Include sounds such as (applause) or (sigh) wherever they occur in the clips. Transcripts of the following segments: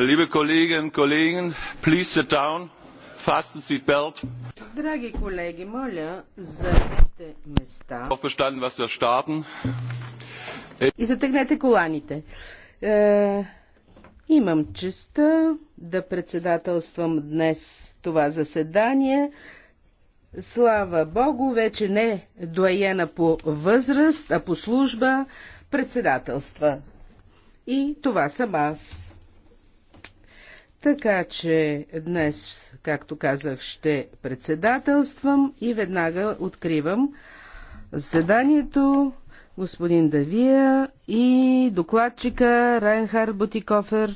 Liebe Kolleginnen und Kollegen, please sit down. Fasten Sie belt. Драги колеги, моля, заемете места. bestanden, was wir starten. И затегнете коланите. Е, имам честа да председателствам днес това заседание. Слава Богу, вече не доена по възраст, а по служба председателства. И това съм аз. Така че днес, както казах, ще председателствам и веднага откривам заданието господин Давия и докладчика Райнхард Бутикофер,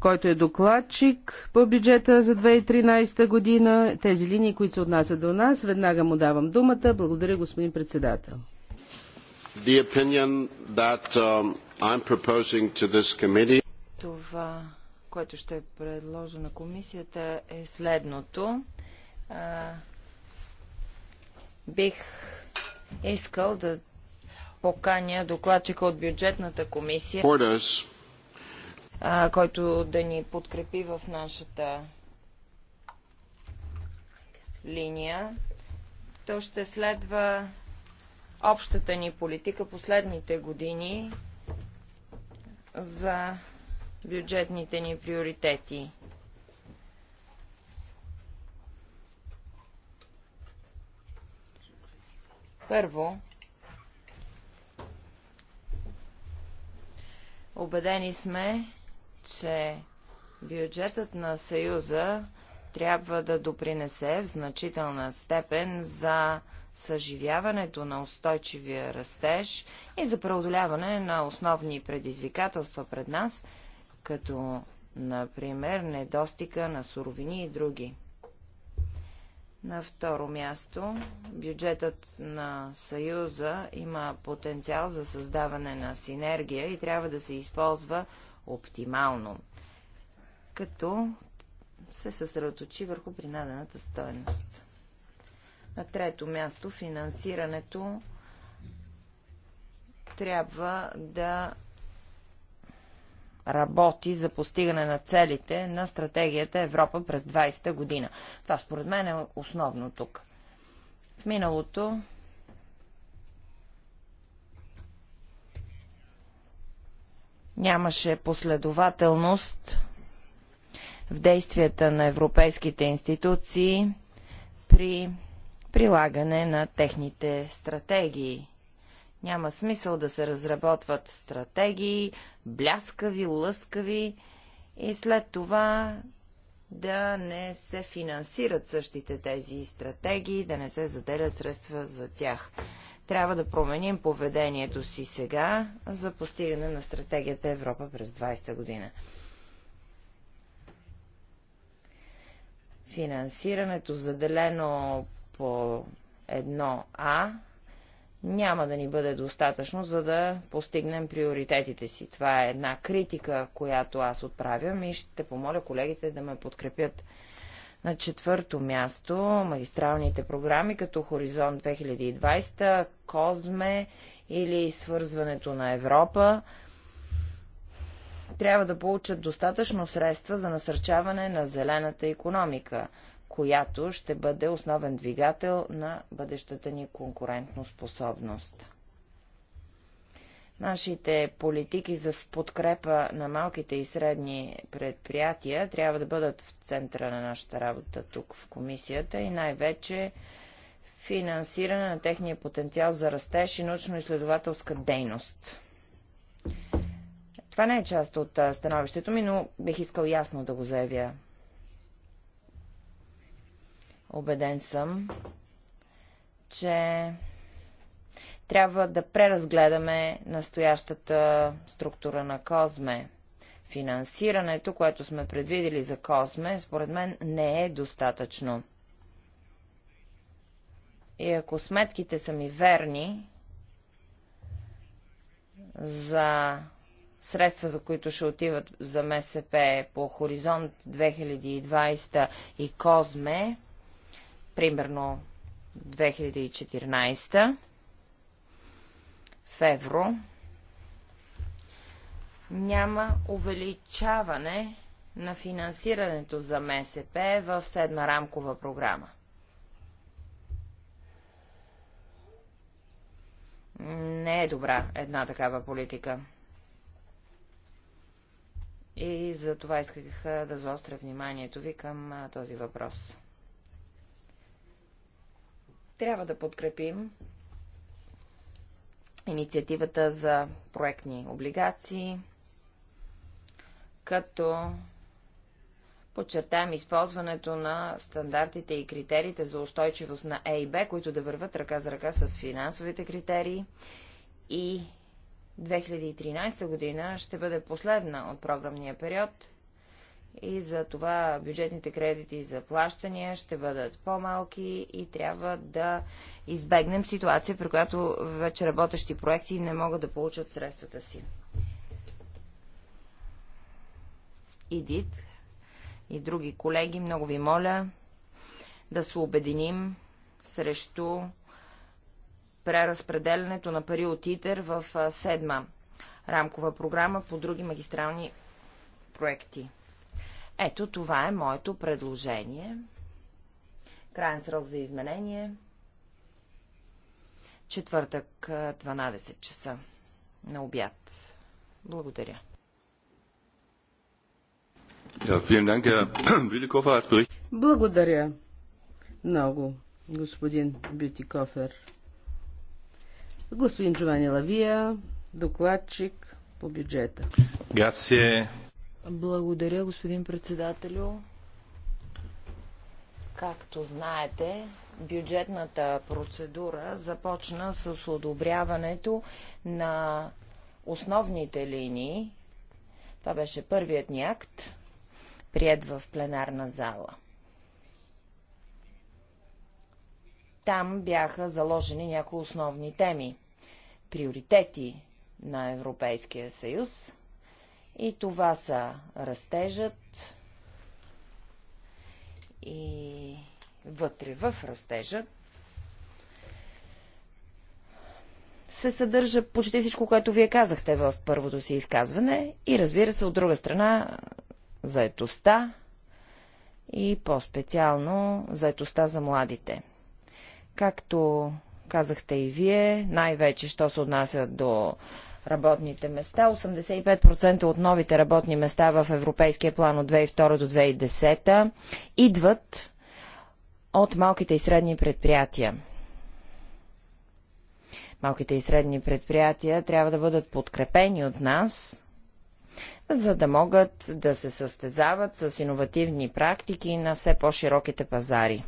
който е докладчик по бюджета за 2013 година. Тези линии, които се отнасят до нас, веднага му давам думата. Благодаря, господин председател. That, um, Това което ще предложа на комисията е следното. А, бих искал да поканя докладчика от бюджетната комисия, а, който да ни подкрепи в нашата линия. То ще следва общата ни политика последните години за бюджетните ни приоритети. Първо, убедени сме, че бюджетът на Съюза трябва да допринесе в значителна степен за съживяването на устойчивия растеж и за преодоляване на основни предизвикателства пред нас – като, например, недостига на суровини и други. На второ място, бюджетът на Съюза има потенциал за създаване на синергия и трябва да се използва оптимално, като се съсредоточи върху принадената стоеност. На трето място, финансирането трябва да работи за постигане на целите на стратегията Европа през 20-та година. Това според мен е основно тук. В миналото нямаше последователност в действията на европейските институции при прилагане на техните стратегии няма смисъл да се разработват стратегии, бляскави, лъскави и след това да не се финансират същите тези стратегии, да не се заделят средства за тях. Трябва да променим поведението си сега за постигане на стратегията Европа през 20-та година. Финансирането заделено по 1А няма да ни бъде достатъчно, за да постигнем приоритетите си. Това е една критика, която аз отправям и ще помоля колегите да ме подкрепят. На четвърто място магистралните програми като Хоризонт 2020, Козме или свързването на Европа трябва да получат достатъчно средства за насърчаване на зелената економика която ще бъде основен двигател на бъдещата ни конкурентно способност. Нашите политики за подкрепа на малките и средни предприятия трябва да бъдат в центъра на нашата работа тук в комисията и най-вече финансиране на техния потенциал за растеж и научно-изследователска дейност. Това не е част от становището ми, но бих искал ясно да го заявя. Обеден съм, че трябва да преразгледаме настоящата структура на Козме. Финансирането, което сме предвидели за Козме, според мен не е достатъчно. И ако сметките са ми верни за средствата, които ще отиват за МСП по Хоризонт 2020 и Козме, примерно 2014 в евро, няма увеличаване на финансирането за МСП в седма рамкова програма. Не е добра една такава политика. И за това исках да заостря вниманието ви към този въпрос. Трябва да подкрепим инициативата за проектни облигации, като подчертаем използването на стандартите и критериите за устойчивост на Б, които да върват ръка за ръка с финансовите критерии и 2013 година ще бъде последна от програмния период – и за това бюджетните кредити за плащания ще бъдат по-малки и трябва да избегнем ситуация, при която вече работещи проекти не могат да получат средствата си. Идит и други колеги, много ви моля да се обединим срещу преразпределянето на пари от ИТЕР в седма рамкова програма по други магистрални проекти. Ето това е моето предложение. Крайен срок за изменение. Четвъртък, 12 часа на обяд. Благодаря. (clears throat) Благодаря много, господин Бютикофер. Господин Джовани Лавия, докладчик по бюджета. Грация. Благодаря, господин председателю. Както знаете, бюджетната процедура започна с одобряването на основните линии. Това беше първият ни акт, прият в пленарна зала. Там бяха заложени някои основни теми, приоритети на Европейския съюз – и това са растежът и вътре в растежа се съдържа почти всичко, което вие казахте в първото си изказване и разбира се, от друга страна, заетостта и по-специално заетостта за младите. Както казахте и вие, най-вече, що се отнася до работните места. 85% от новите работни места в Европейския план от 2002 до 2010 идват от малките и средни предприятия. Малките и средни предприятия трябва да бъдат подкрепени от нас, за да могат да се състезават с иновативни практики на все по-широките пазари.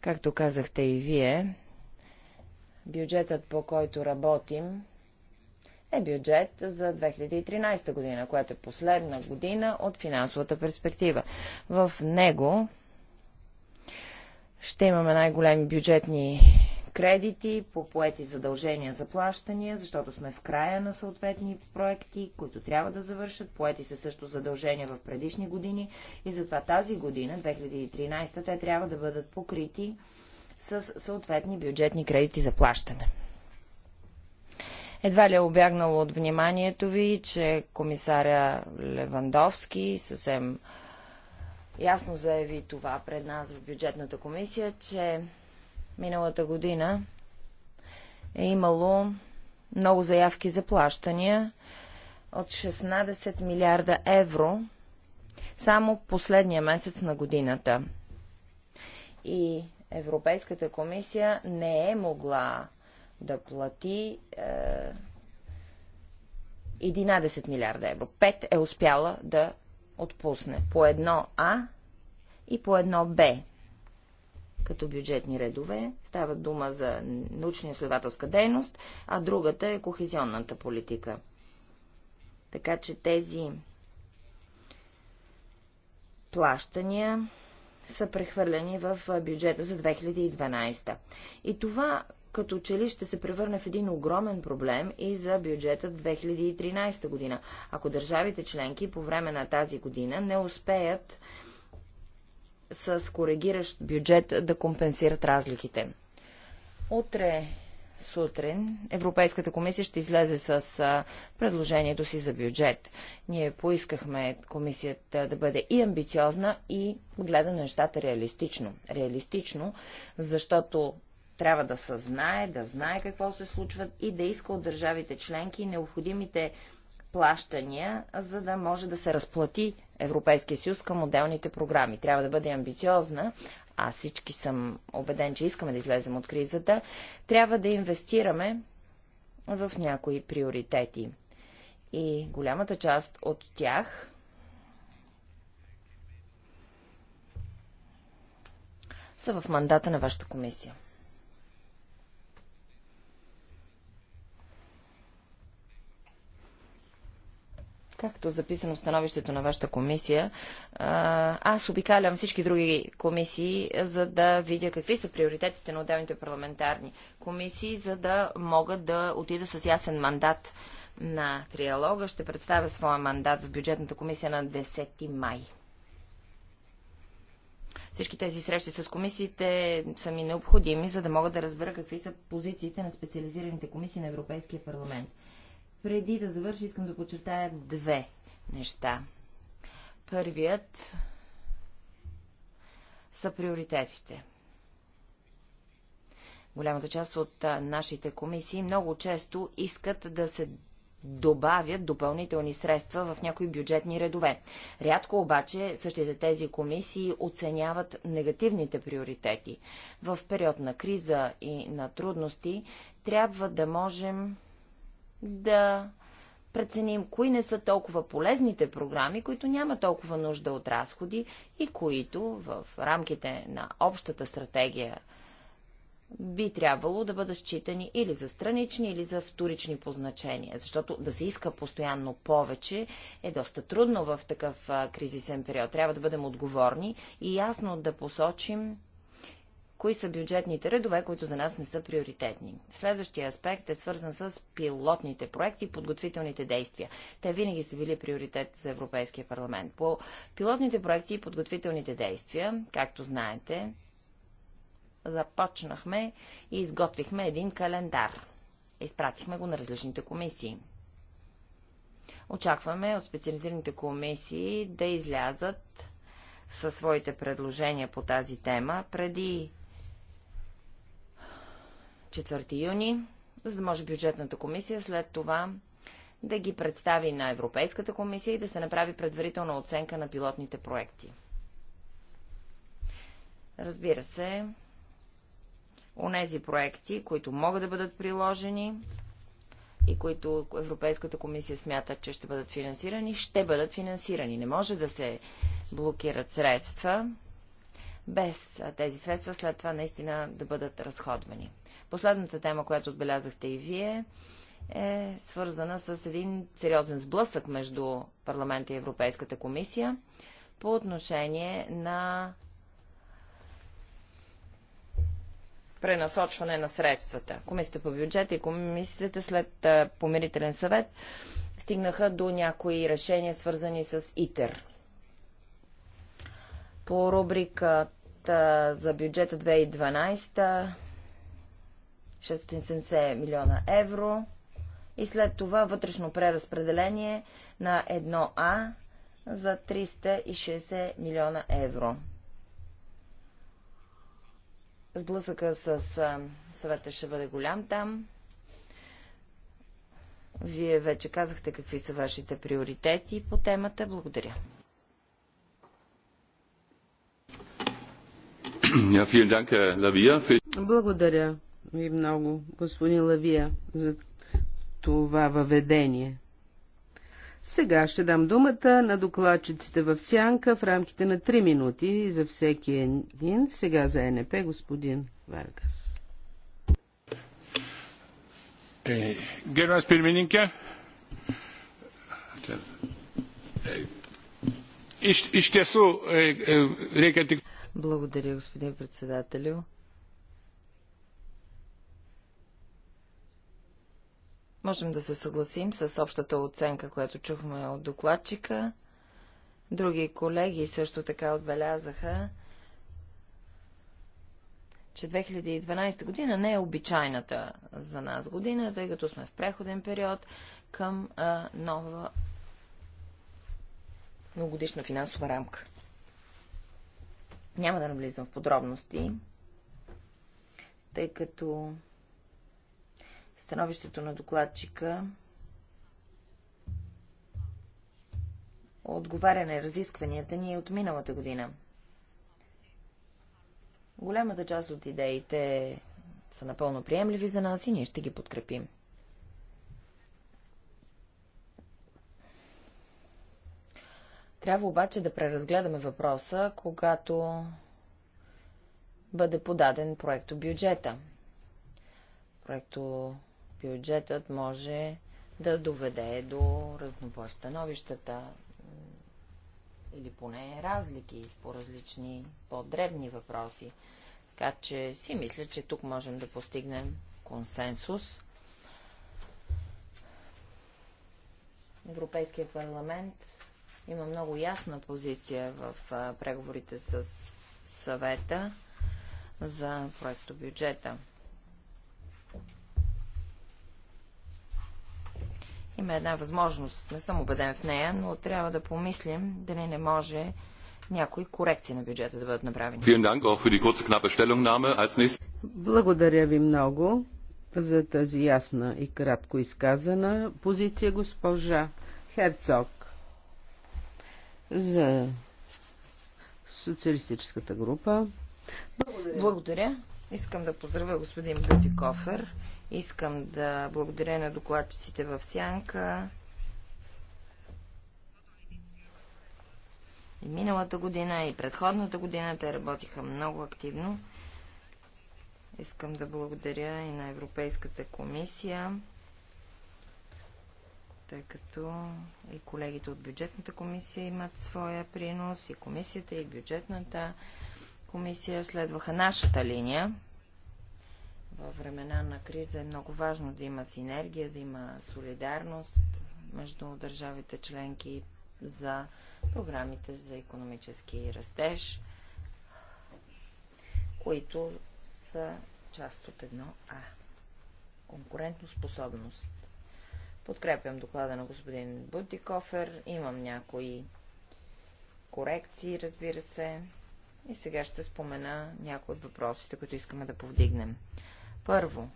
Както казахте и вие, бюджетът, по който работим, е бюджет за 2013 година, което е последна година от финансовата перспектива. В него ще имаме най-големи бюджетни кредити, по поети задължения за плащания, защото сме в края на съответни проекти, които трябва да завършат. Поети се също задължения в предишни години и затова тази година, 2013, те трябва да бъдат покрити с съответни бюджетни кредити за плащане. Едва ли е обягнало от вниманието ви, че комисаря Левандовски съвсем ясно заяви това пред нас в бюджетната комисия, че миналата година е имало много заявки за плащания от 16 милиарда евро само последния месец на годината. И Европейската комисия не е могла да плати е, 11 милиарда евро. 5 е успяла да отпусне по едно А и по едно Б. Като бюджетни редове става дума за научно-изследователска дейност, а другата е кохезионната политика. Така че тези плащания са прехвърлени в бюджета за 2012. И това като че ли ще се превърне в един огромен проблем и за бюджета 2013 година, ако държавите членки по време на тази година не успеят с коригиращ бюджет да компенсират разликите. Утре сутрин Европейската комисия ще излезе с предложението си за бюджет. Ние поискахме комисията да бъде и амбициозна, и гледа на нещата реалистично. Реалистично, защото трябва да се знае, да знае какво се случва и да иска от държавите членки необходимите плащания, за да може да се разплати Европейския съюз към отделните програми. Трябва да бъде амбициозна, аз всички съм убеден, че искаме да излезем от кризата, трябва да инвестираме в някои приоритети. И голямата част от тях са в мандата на вашата комисия. Както записано в становището на вашата комисия, аз обикалям всички други комисии, за да видя какви са приоритетите на отделните парламентарни комисии, за да мога да отида с ясен мандат на триалога. Ще представя своя мандат в бюджетната комисия на 10 май. Всички тези срещи с комисиите са ми необходими, за да мога да разбера какви са позициите на специализираните комисии на Европейския парламент. Преди да завърши, искам да подчертая две неща. Първият са приоритетите. Голямата част от нашите комисии много често искат да се добавят допълнителни средства в някои бюджетни редове. Рядко обаче същите тези комисии оценяват негативните приоритети. В период на криза и на трудности трябва да можем да преценим кои не са толкова полезните програми, които няма толкова нужда от разходи и които в рамките на общата стратегия би трябвало да бъдат считани или за странични, или за вторични по значение, защото да се иска постоянно повече е доста трудно в такъв кризисен период. Трябва да бъдем отговорни и ясно да посочим кои са бюджетните редове, които за нас не са приоритетни. Следващия аспект е свързан с пилотните проекти и подготвителните действия. Те винаги са били приоритет за Европейския парламент. По пилотните проекти и подготвителните действия, както знаете, започнахме и изготвихме един календар. Изпратихме го на различните комисии. Очакваме от специализираните комисии да излязат със своите предложения по тази тема преди 4 юни, за да може бюджетната комисия след това да ги представи на Европейската комисия и да се направи предварителна оценка на пилотните проекти. Разбира се, онези проекти, които могат да бъдат приложени и които Европейската комисия смята, че ще бъдат финансирани, ще бъдат финансирани. Не може да се блокират средства без тези средства след това наистина да бъдат разходвани. Последната тема, която отбелязахте и вие, е свързана с един сериозен сблъсък между парламента и Европейската комисия по отношение на пренасочване на средствата. Комисията по бюджета и комисията след помирителен съвет стигнаха до някои решения, свързани с ИТЕР. По рубриката за бюджета 2012 670 милиона евро и след това вътрешно преразпределение на 1А за 360 милиона евро. Сблъсъка с съвета ще бъде голям там. Вие вече казахте какви са вашите приоритети по темата. Благодаря. Благодаря ви много, господин Лавия, за това въведение. Сега ще дам думата на докладчиците в сянка в рамките на 3 минути за всеки един. Сега за НП господин Варгас. Gerbiamas pirmininkė, iš, iš tiesų reikia tik. Благодаря, господин председателю. Можем да се съгласим с общата оценка, която чухме от докладчика. Други колеги също така отбелязаха, че 2012 година не е обичайната за нас година, тъй като сме в преходен период към а, нова многогодишна финансова рамка. Няма да навлизам в подробности, тъй като становището на докладчика отговаря на разискванията ни от миналата година. Голямата част от идеите са напълно приемливи за нас и ние ще ги подкрепим. Трябва обаче да преразгледаме въпроса, когато бъде подаден проекто бюджета. Проекто бюджетът може да доведе до разнобой становищата или поне разлики по различни по-дребни въпроси. Така че си мисля, че тук можем да постигнем консенсус. Европейския парламент има много ясна позиция в преговорите с съвета за проекто бюджета. Има една възможност, не съм убеден в нея, но трябва да помислим дали не може някои корекции на бюджета да бъдат направени. Благодаря ви много за тази ясна и кратко изказана позиция, госпожа Херцог за социалистическата група. Благодаря. Благодаря. Искам да поздравя господин Бютикофер. Искам да благодаря на докладчиците в Сянка. И миналата година, и предходната година те работиха много активно. Искам да благодаря и на Европейската комисия тъй като и колегите от бюджетната комисия имат своя принос, и комисията, и бюджетната комисия следваха нашата линия. Във времена на криза е много важно да има синергия, да има солидарност между държавите членки за програмите за економически растеж, които са част от едно А. Конкурентоспособност. Подкрепям доклада на господин Бутикофер. Имам някои корекции, разбира се. И сега ще спомена някои от въпросите, които искаме да повдигнем. Първо,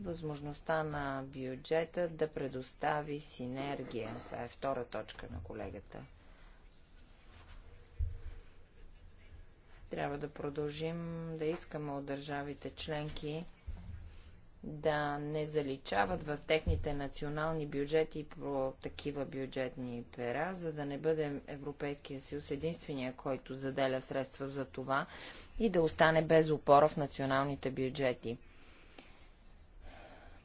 възможността на бюджета да предостави синергия. Това е втора точка на колегата. Трябва да продължим да искаме от държавите членки да не заличават в техните национални бюджети по такива бюджетни пера, за да не бъде Европейския съюз единствения, който заделя средства за това и да остане без опора в националните бюджети.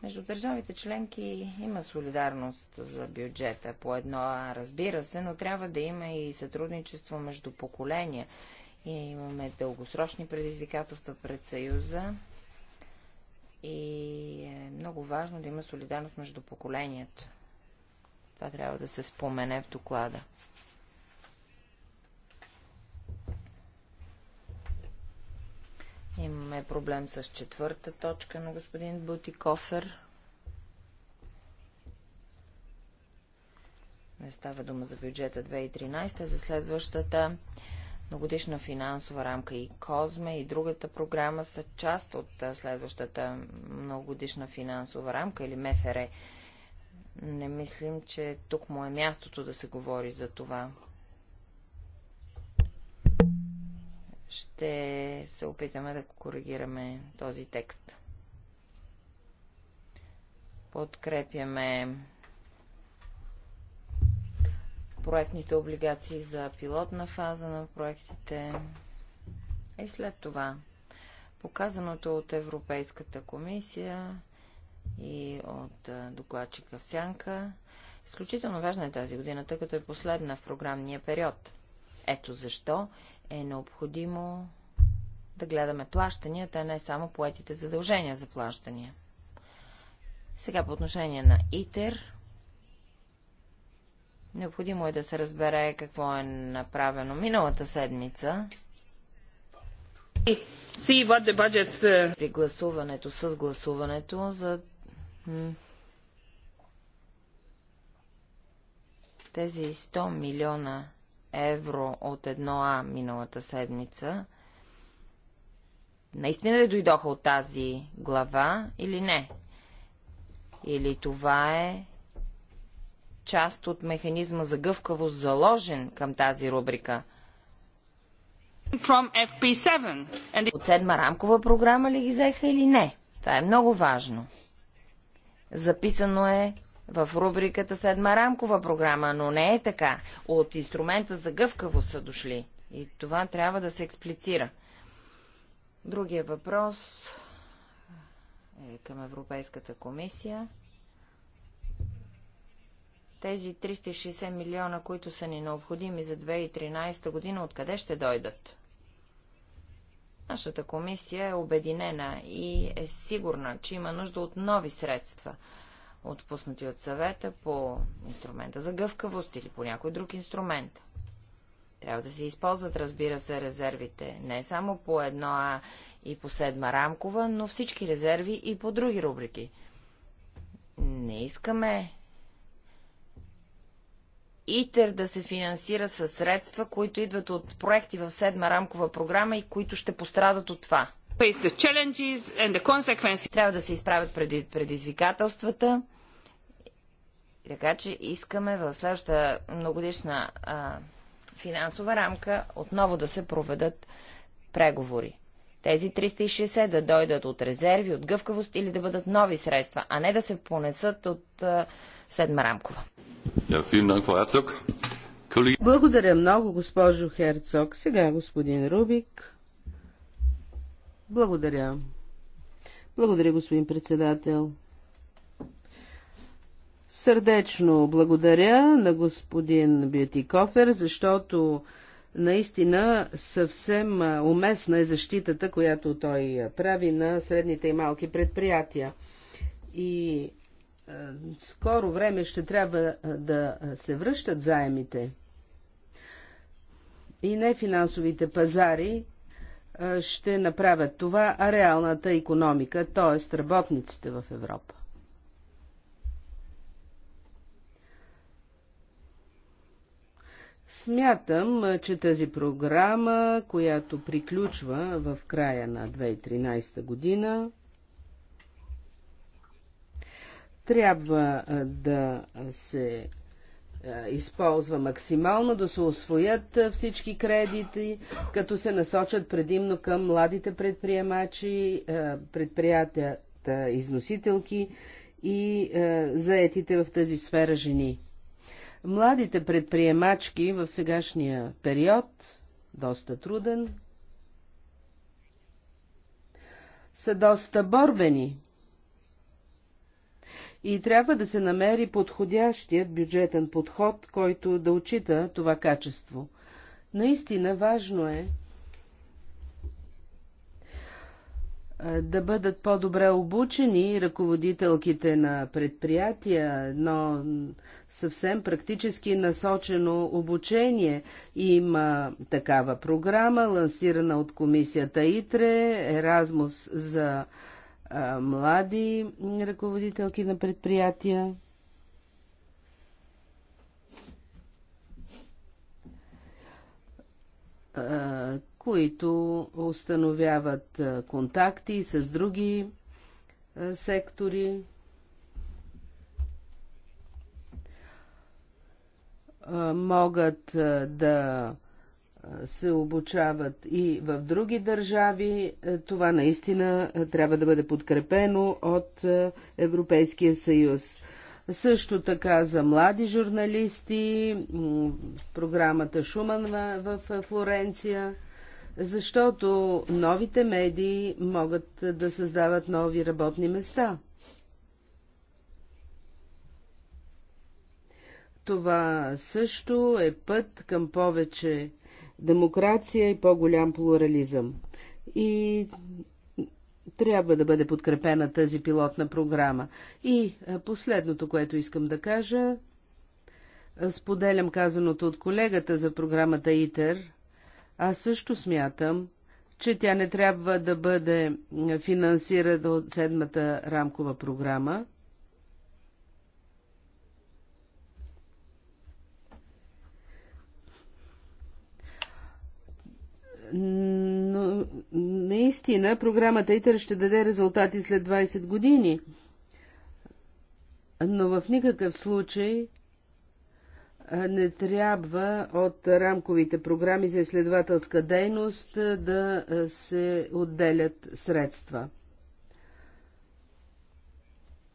Между държавите членки има солидарност за бюджета по едно, разбира се, но трябва да има и сътрудничество между поколения. И имаме дългосрочни предизвикателства пред Съюза и е много важно да има солидарност между поколенията. Това трябва да се спомене в доклада. Имаме проблем с четвърта точка на господин Бутикофер. Не става дума за бюджета 2013, за следващата многодишна финансова рамка и Козме и другата програма са част от следващата многогодишна финансова рамка или МФР. Не мислим, че тук му е мястото да се говори за това. Ще се опитаме да коригираме този текст. Подкрепяме проектните облигации за пилотна фаза на проектите. И след това, показаното от Европейската комисия и от докладчика в Сянка, изключително важна е тази година, тъй като е последна в програмния период. Ето защо е необходимо да гледаме плащанията, а не само поетите задължения за плащания. Сега по отношение на ИТЕР, Необходимо е да се разбере какво е направено миналата седмица. Budget... Uh, При гласуването, с гласуването за тези 100 милиона евро от 1А миналата седмица, наистина ли дойдоха от тази глава или не? Или това е част от механизма за гъвкавост заложен към тази рубрика? От седма рамкова програма ли ги взеха или не? Това е много важно. Записано е в рубриката седма рамкова програма, но не е така. От инструмента за гъвкавост са дошли. И това трябва да се експлицира. Другия въпрос е към Европейската комисия. Тези 360 милиона, които са ни необходими за 2013 година, откъде ще дойдат? Нашата комисия е обединена и е сигурна, че има нужда от нови средства, отпуснати от съвета по инструмента за гъвкавост или по някой друг инструмент. Трябва да се използват, разбира се, резервите не само по едно а и по седма рамкова, но всички резерви и по други рубрики. Не искаме ИТЕР да се финансира със средства, които идват от проекти в седма рамкова програма и които ще пострадат от това. Трябва да се изправят предизвикателствата. Така че искаме в следващата многодишна а, финансова рамка отново да се проведат преговори. Тези 360 да дойдат от резерви, от гъвкавост или да бъдат нови средства, а не да се понесат от а, седма рамкова. Благодаря много, госпожо Херцог. Сега господин Рубик. Благодаря. Благодаря, господин председател. Сърдечно благодаря на господин Бютикофер, защото наистина съвсем уместна е защитата, която той прави на средните и малки предприятия. И е, скоро време ще трябва е, да се връщат заемите и не финансовите пазари е, ще направят това, а реалната економика, т.е. работниците в Европа. Смятам, че тази програма, която приключва в края на 2013 година, трябва да се използва максимално, да се освоят всички кредити, като се насочат предимно към младите предприемачи, предприятията, износителки и заетите в тази сфера жени. Младите предприемачки в сегашния период, доста труден, са доста борбени и трябва да се намери подходящият бюджетен подход, който да отчита това качество. Наистина важно е да бъдат по-добре обучени ръководителките на предприятия, но съвсем практически насочено обучение. Има такава програма, лансирана от комисията ИТРЕ, Еразмус за млади ръководителки на предприятия. които установяват контакти с други сектори. Могат да се обучават и в други държави, е, това наистина е, трябва да бъде подкрепено от е, Европейския съюз. Също така за млади журналисти, програмата Шуман в Флоренция, защото новите медии могат да създават нови работни места. Това също е път към повече демокрация и по-голям плурализъм. И трябва да бъде подкрепена тази пилотна програма. И е, последното, което искам да кажа, е, споделям казаното от колегата за програмата ИТЕР. Аз също смятам, че тя не трябва да бъде финансирана от седмата рамкова програма. но наистина програмата ИТЕР ще даде резултати след 20 години. Но в никакъв случай не трябва от рамковите програми за изследователска дейност да се отделят средства.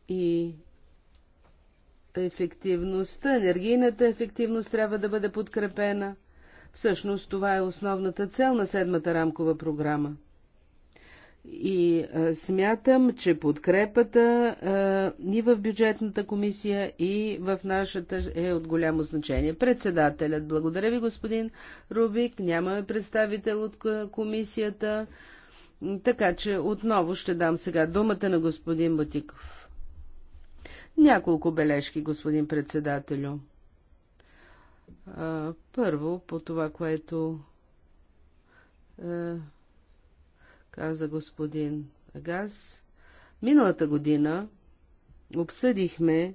И ефективността, енергийната ефективност трябва да бъде подкрепена – Всъщност това е основната цел на седмата рамкова програма. И а, смятам, че подкрепата а, и в бюджетната комисия, и в нашата е от голямо значение. Председателят, благодаря ви, господин Рубик. Нямаме представител от комисията. Така че отново ще дам сега думата на господин Батиков. Няколко бележки, господин председателю. Първо, по това, което е, каза господин Газ, миналата година обсъдихме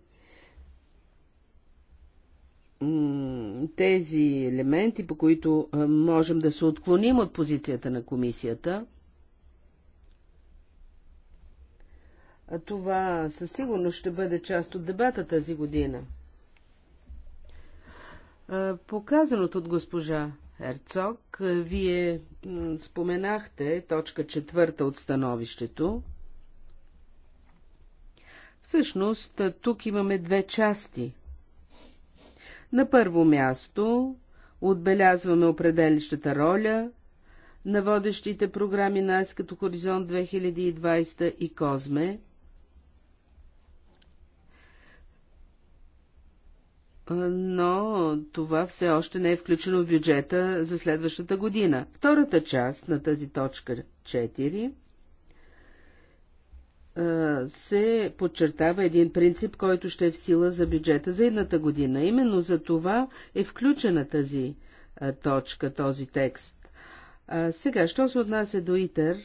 тези елементи, по които е, можем да се отклоним от позицията на комисията. А това със сигурност ще бъде част от дебата тази година. Показаното от госпожа Херцог, вие споменахте точка четвърта от становището. Всъщност, тук имаме две части. На първо място отбелязваме определящата роля на водещите програми НАС като Хоризонт 2020 и Козме – Е, но това все още не е включено в бюджета за следващата година. Втората част на тази точка 4 е, се подчертава един принцип, който ще е в сила за бюджета за едната година. Именно за това е включена тази е, точка, този текст. А сега, що се отнася до ИТЕР,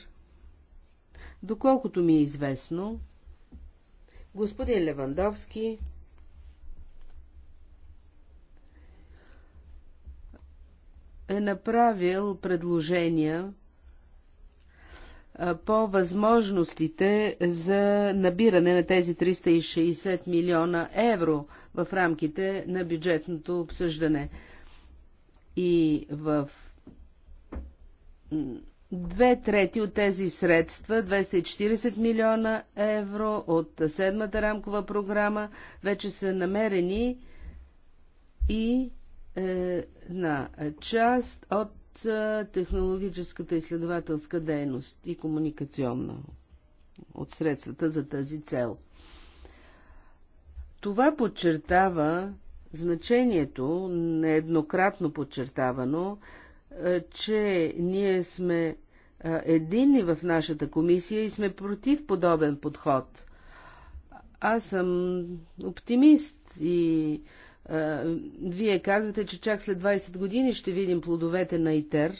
доколкото ми е известно, господин Левандовски е направил предложения по възможностите за набиране на тези 360 милиона евро в рамките на бюджетното обсъждане. И в две трети от тези средства, 240 милиона евро от седмата рамкова програма, вече са намерени и е една част от е, технологическата изследователска дейност и комуникационна от средствата за тази цел. Това подчертава значението, нееднократно подчертавано, е, че ние сме единни в нашата комисия и сме против подобен подход. Аз съм оптимист и вие казвате, че чак след 20 години ще видим плодовете на ИТЕР.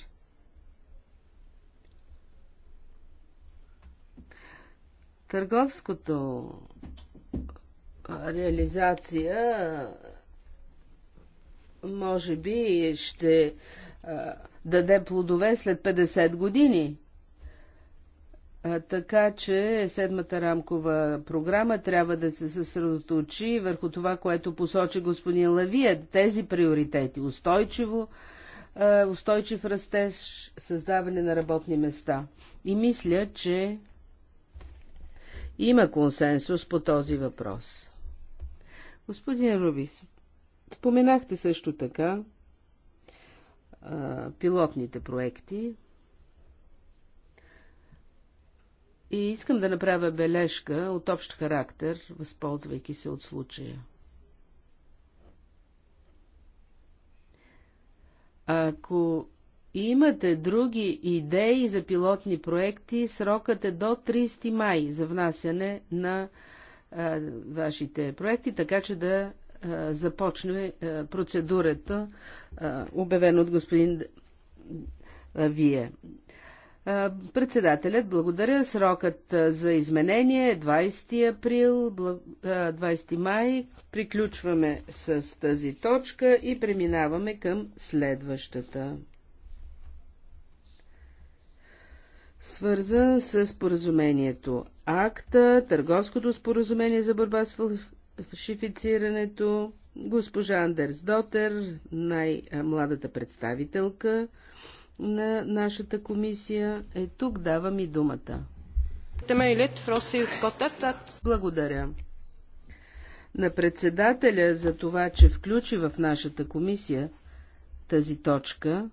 Търговското реализация може би ще даде плодове след 50 години. Така че седмата рамкова програма трябва да се съсредоточи върху това, което посочи господин Лавия. Тези приоритети устойчиво, устойчив растеж, създаване на работни места. И мисля, че има консенсус по този въпрос. Господин Рубис, споменахте също така пилотните проекти. И искам да направя бележка от общ характер, възползвайки се от случая. Ако имате други идеи за пилотни проекти, срокът е до 30 май за внасяне на а, вашите проекти, така че да а, започне а, процедурата, а, обявена от господин Вие. Председателят благодаря. Срокът за изменение е 20 април, 20 май. Приключваме с тази точка и преминаваме към следващата. Свързан с поразумението АКТА, Търговското споразумение за борба с фалшифицирането, госпожа Андерс Дотер, най-младата представителка на нашата комисия е тук. Давам и думата. Благодаря на председателя за това, че включи в нашата комисия тази точка.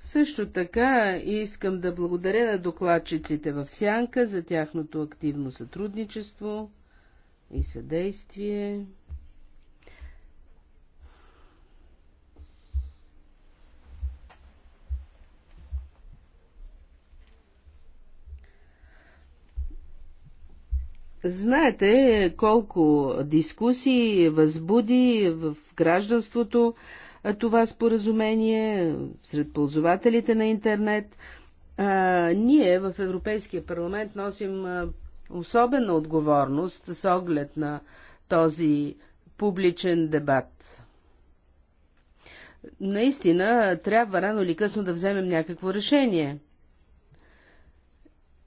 Също така искам да благодаря на докладчиците в Сянка за тяхното активно сътрудничество и съдействие. Знаете колко дискусии възбуди в гражданството това споразумение сред ползвателите на интернет. А, ние в Европейския парламент носим особена отговорност с оглед на този публичен дебат. Наистина, трябва рано или късно да вземем някакво решение –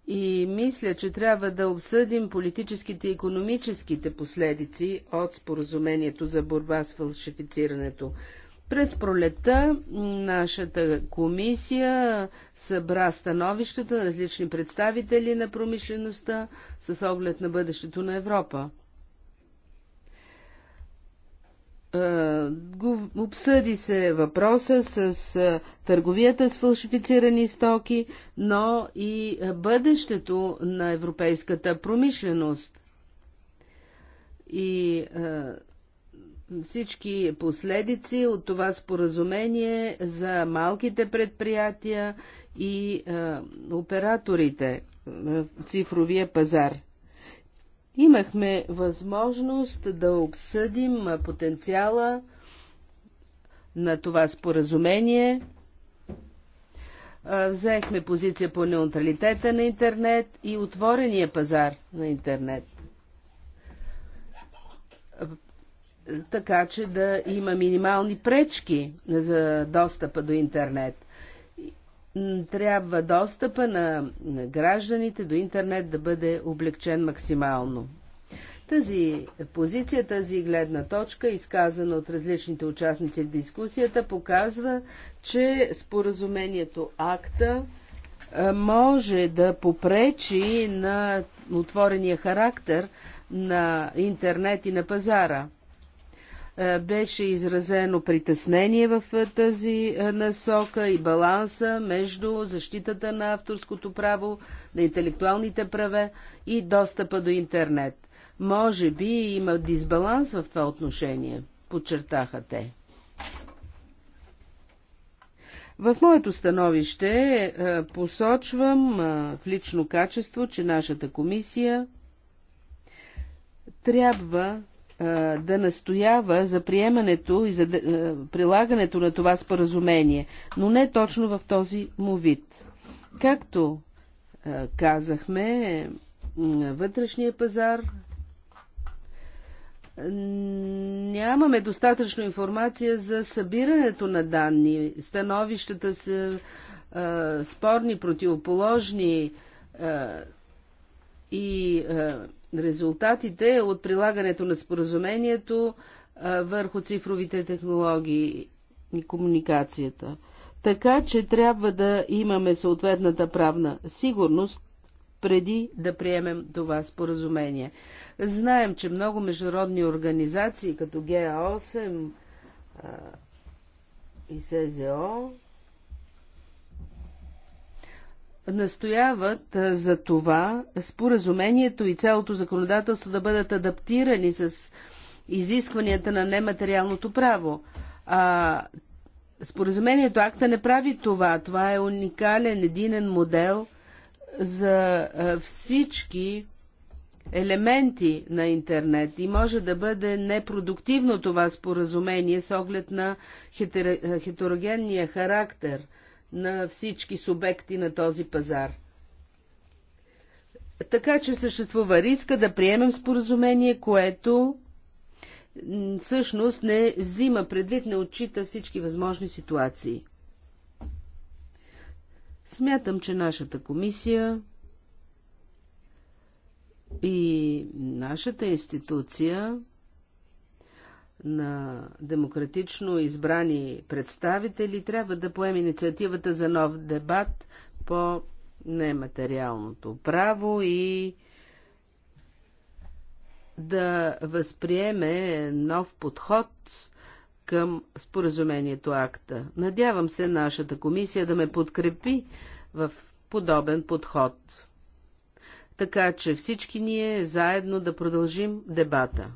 и мисля, че трябва да обсъдим политическите и економическите последици от споразумението за борба с фалшифицирането. През пролета нашата комисия събра становищата на различни представители на промишлеността с оглед на бъдещето на Европа. Е, обсъди се въпроса с е, търговията с фалшифицирани стоки, но и е, бъдещето на европейската промишленост. И всички последици от това споразумение за малките предприятия и операторите на цифровия пазар. Имахме възможност да обсъдим потенциала на това споразумение. Взехме позиция по неутралитета на интернет и отворения пазар на интернет. Така че да има минимални пречки за достъпа до интернет трябва достъпа на, на гражданите до интернет да бъде облегчен максимално. Тази позиция, тази гледна точка, изказана от различните участници в дискусията, показва, че споразумението акта може да попречи на отворения характер на интернет и на пазара – е, беше изразено притеснение в е, тази е, насока и баланса между защитата на авторското право, на интелектуалните права и достъпа до интернет. Може би има дисбаланс в това отношение, подчертаха те. В моето становище посочвам в лично качество, че нашата комисия трябва да настоява за приемането и за прилагането на това споразумение, но не точно в този му вид. Както казахме, вътрешния пазар нямаме достатъчно информация за събирането на данни. Становищата са спорни, противоположни и резултатите от прилагането на споразумението върху цифровите технологии и комуникацията. Така че трябва да имаме съответната правна сигурност преди да приемем това споразумение. Знаем, че много международни организации, като ГА8 и СЗО, настояват за това споразумението и цялото законодателство да бъдат адаптирани с изискванията на нематериалното право. А, споразумението акта не прави това. Това е уникален, единен модел за всички елементи на интернет и може да бъде непродуктивно това споразумение с оглед на хетерогенния характер – на всички субекти на този пазар. Така че съществува риска да приемем споразумение, което всъщност не взима предвид, не отчита всички възможни ситуации. Смятам, че нашата комисия и нашата институция на демократично избрани представители трябва да поеме инициативата за нов дебат по нематериалното право и да възприеме нов подход към споразумението акта. Надявам се нашата комисия да ме подкрепи в подобен подход. Така че всички ние заедно да продължим дебата.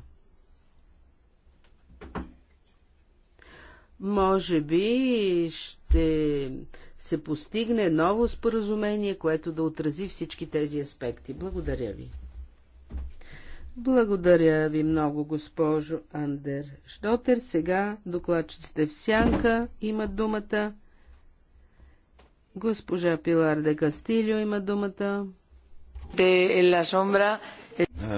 Може би ще се постигне ново споразумение, което да отрази всички тези аспекти. Благодаря ви. Благодаря ви много, госпожо Андер Штотер. Сега докладчиците в сянка имат думата. Госпожа Пилар де Кастилио има думата.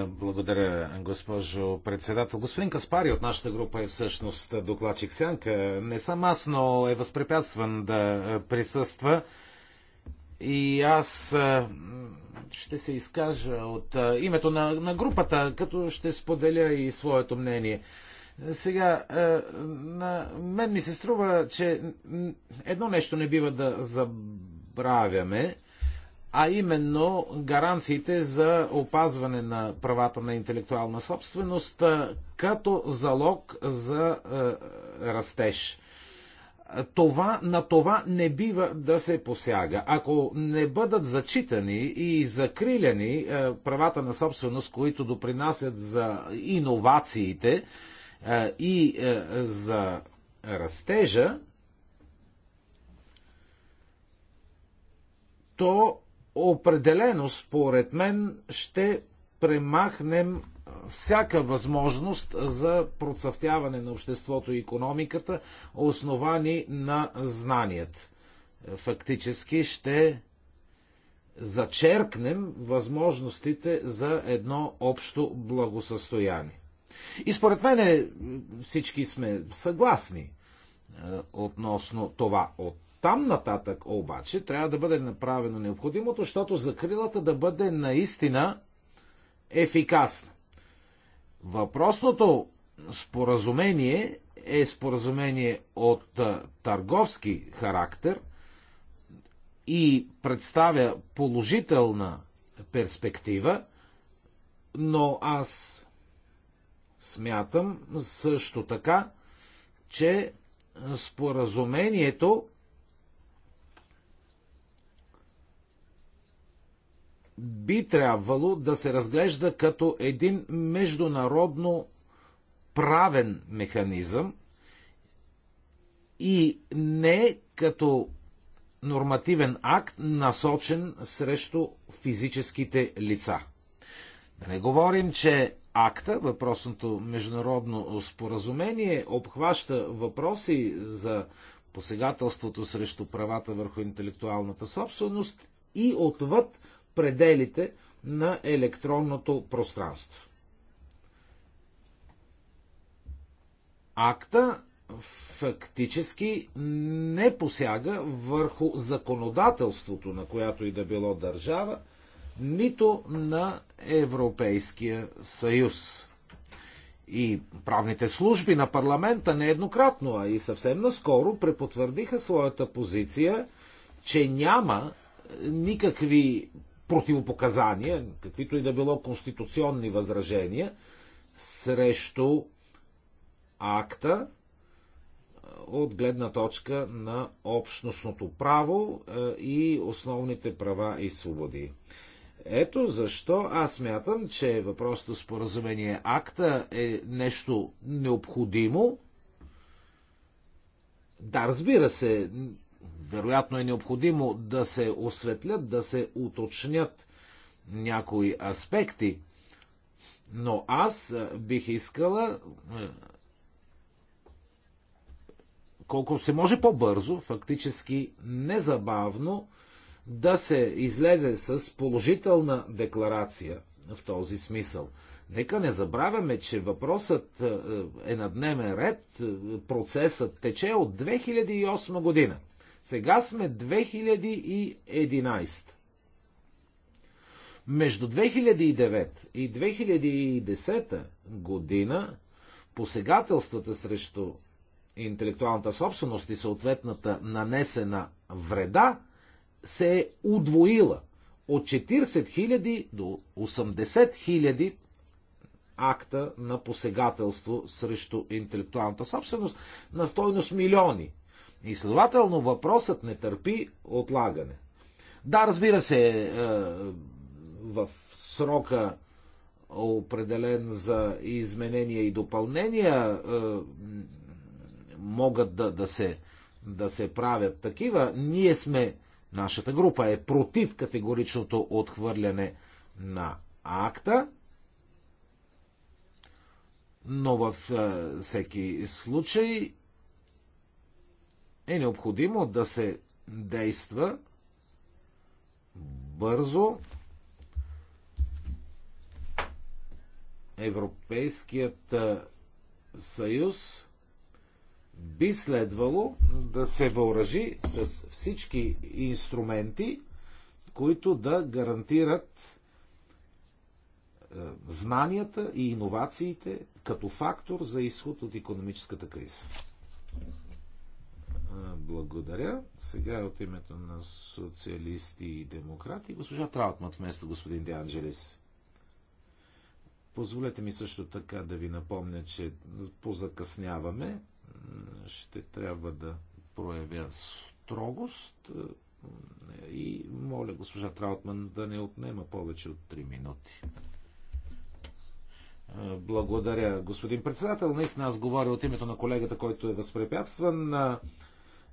Благодаря, госпожо председател. Господин Каспари от нашата група е всъщност докладчик Сянка. Не съм аз, но е възпрепятстван да присъства. И аз ще се изкажа от името на, на групата, като ще споделя и своето мнение. Сега, на мен ми се струва, че едно нещо не бива да забравяме – а именно гаранциите за опазване на правата на интелектуална собственост като залог за растеж. Това, на това не бива да се посяга. Ако не бъдат зачитани и закриляни правата на собственост, които допринасят за иновациите и за растежа, то определено, според мен, ще премахнем всяка възможност за процъфтяване на обществото и економиката, основани на знанията. Фактически ще зачеркнем възможностите за едно общо благосъстояние. И според мен всички сме съгласни е, относно това. От там нататък обаче трябва да бъде направено необходимото, защото закрилата да бъде наистина ефикасна. Въпросното споразумение е споразумение от търговски характер и представя положителна перспектива, но аз смятам също така, че споразумението би трябвало да се разглежда като един международно правен механизъм и не като нормативен акт, насочен срещу физическите лица. Да не говорим, че акта, въпросното международно споразумение, обхваща въпроси за посегателството срещу правата върху интелектуалната собственост и отвъд пределите на електронното пространство. Акта фактически не посяга върху законодателството на която и да било държава, нито на Европейския съюз. И правните служби на парламента нееднократно, а и съвсем наскоро препотвърдиха своята позиция, че няма никакви противопоказания, каквито и да било конституционни възражения срещу акта от гледна точка на общностното право и основните права и свободи. Ето защо аз мятам, че въпросното споразумение акта е нещо необходимо. Да, разбира се, вероятно е необходимо да се осветлят, да се уточнят някои аспекти. Но аз бих искала колко се може по-бързо, фактически незабавно, да се излезе с положителна декларация в този смисъл. Нека не забравяме, че въпросът е на дневен ред, процесът тече от 2008 година. Сега сме 2011. Между 2009 и 2010 година посегателствата срещу интелектуалната собственост и съответната нанесена вреда се е удвоила от 40 000 до 80 000 акта на посегателство срещу интелектуалната собственост на стойност милиони и следователно въпросът не търпи отлагане. Да, разбира се, е, в срока определен за изменения и допълнения е, могат да, да, се, да се правят такива. Ние сме, нашата група е против категоричното отхвърляне на акта, но във е, всеки случай е необходимо да се действа бързо. Европейският съюз би следвало да се въоръжи с всички инструменти, които да гарантират знанията и иновациите като фактор за изход от економическата криза. Благодаря. Сега е от името на социалисти и демократи госпожа Траутман вместо господин Деанджелис. Позволете ми също така да ви напомня, че позакъсняваме. Ще трябва да проявя строгост и моля госпожа Траутман да не отнема повече от 3 минути. Благодаря, господин председател. Наистина аз говоря от името на колегата, който е възпрепятстван.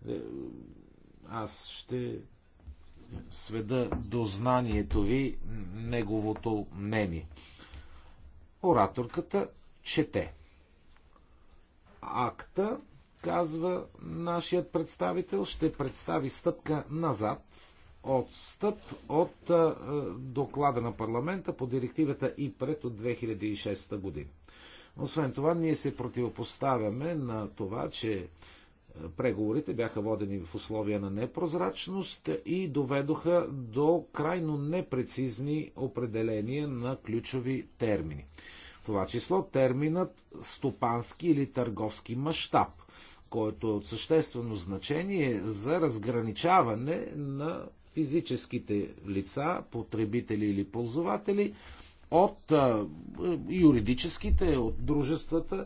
Е, аз ще сведа до знанието ви неговото мнение. Ораторката чете. Акта, казва нашият представител, ще представи стъпка назад отстъп от а, е, доклада на парламента по директивата и пред от 2006 година. Освен това, ние се противопоставяме на това, че Преговорите бяха водени в условия на непрозрачност и доведоха до крайно непрецизни определения на ключови термини. В това число терминът стопански или търговски мащаб, който е от съществено значение за разграничаване на физическите лица, потребители или ползватели, от юридическите, от дружествата,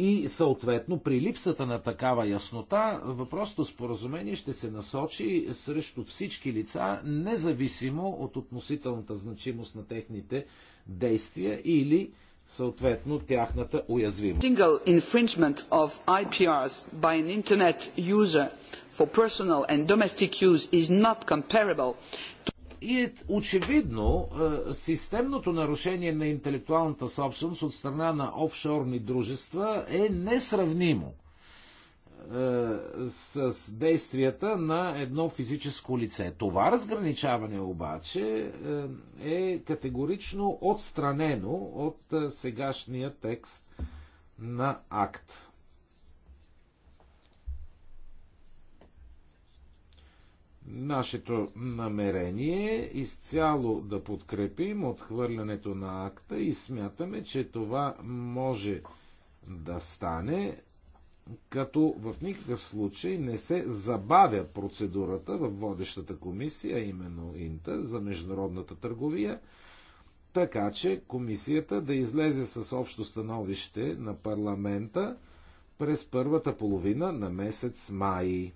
и съответно, при липсата на такава яснота, въпросното споразумение ще се насочи срещу всички лица, независимо от относителната значимост на техните действия или съответно тяхната уязвимост. Single infringement of IPRs by an internet user for personal and domestic use is not comparable to и е очевидно е, системното нарушение на интелектуалната собственост от страна на офшорни дружества е несравнимо е, с действията на едно физическо лице. Това разграничаване обаче е, е категорично отстранено от сегашния текст на акт. Нашето намерение е изцяло да подкрепим отхвърлянето на акта и смятаме, че това може да стане, като в никакъв случай не се забавя процедурата в водещата комисия, именно Инта, за международната търговия, така че комисията да излезе с общо становище на парламента през първата половина на месец май.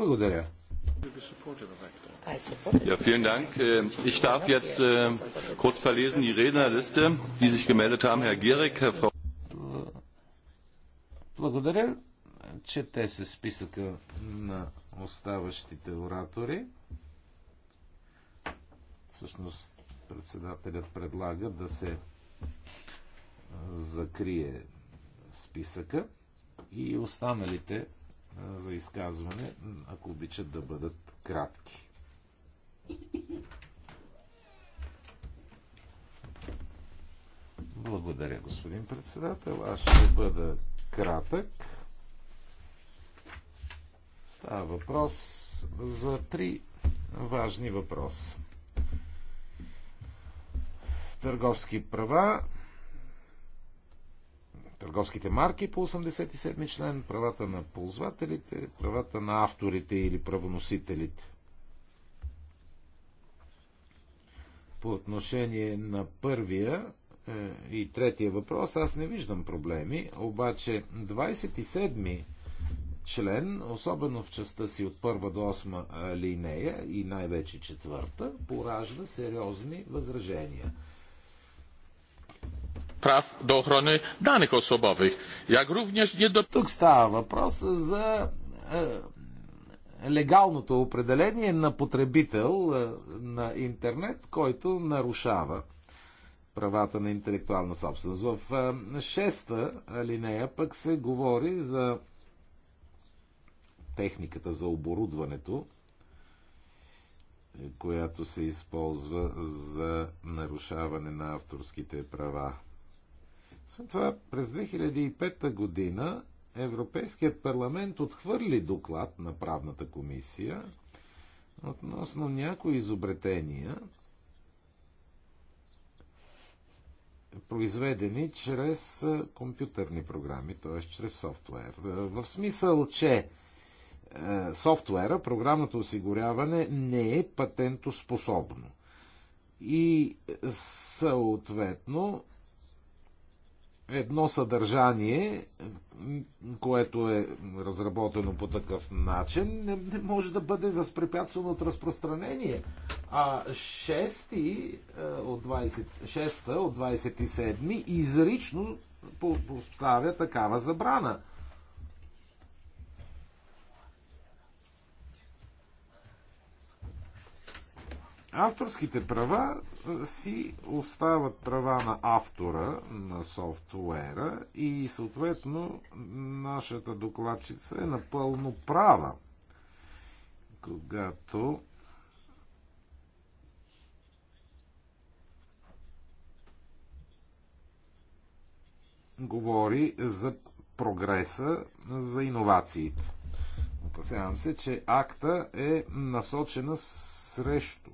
Благодаря. Ja, vielen Dank. Äh, ich darf jetzt äh, kurz verlesen die Rednerliste, die sich gemeldet haben. Herr Gierig, Herr Frau. Благодаря. че те се списъка на оставащите оратори. Всъщност председателят предлага да се закрие списъка и останалите за изказване, ако обичат да бъдат кратки. Благодаря, господин председател. Аз ще бъда кратък. Става въпрос за три важни въпроса. Търговски права, търговските марки по 87 член, правата на ползвателите, правата на авторите или правоносителите. По отношение на първия е, и третия въпрос, аз не виждам проблеми, обаче 27-ми член, особено в частта си от първа до осма е, линея и най-вече четвърта, поражда сериозни възражения – Прав do ochrony danych osobowych, jak również nie do... Тук става въпрос за е, легалното определение на потребител е, на интернет, който нарушава правата на интелектуална собственост. В е, шеста алинея пък се говори за техниката за оборудването, която се използва за нарушаване на авторските права. След това през 2005 година Европейският парламент отхвърли доклад на правната комисия относно някои изобретения, произведени чрез компютърни програми, т.е. чрез софтуер. В смисъл, че софтуера, програмното осигуряване не е патентоспособно. И съответно едно съдържание, което е разработено по такъв начин, не, не може да бъде възпрепятствано от разпространение. А 6 е, от 26 от 27 изрично поставя такава забрана – Авторските права си остават права на автора на софтуера и съответно нашата докладчица е напълно права, когато говори за прогреса, за иновациите. Опасявам се, че акта е насочена срещу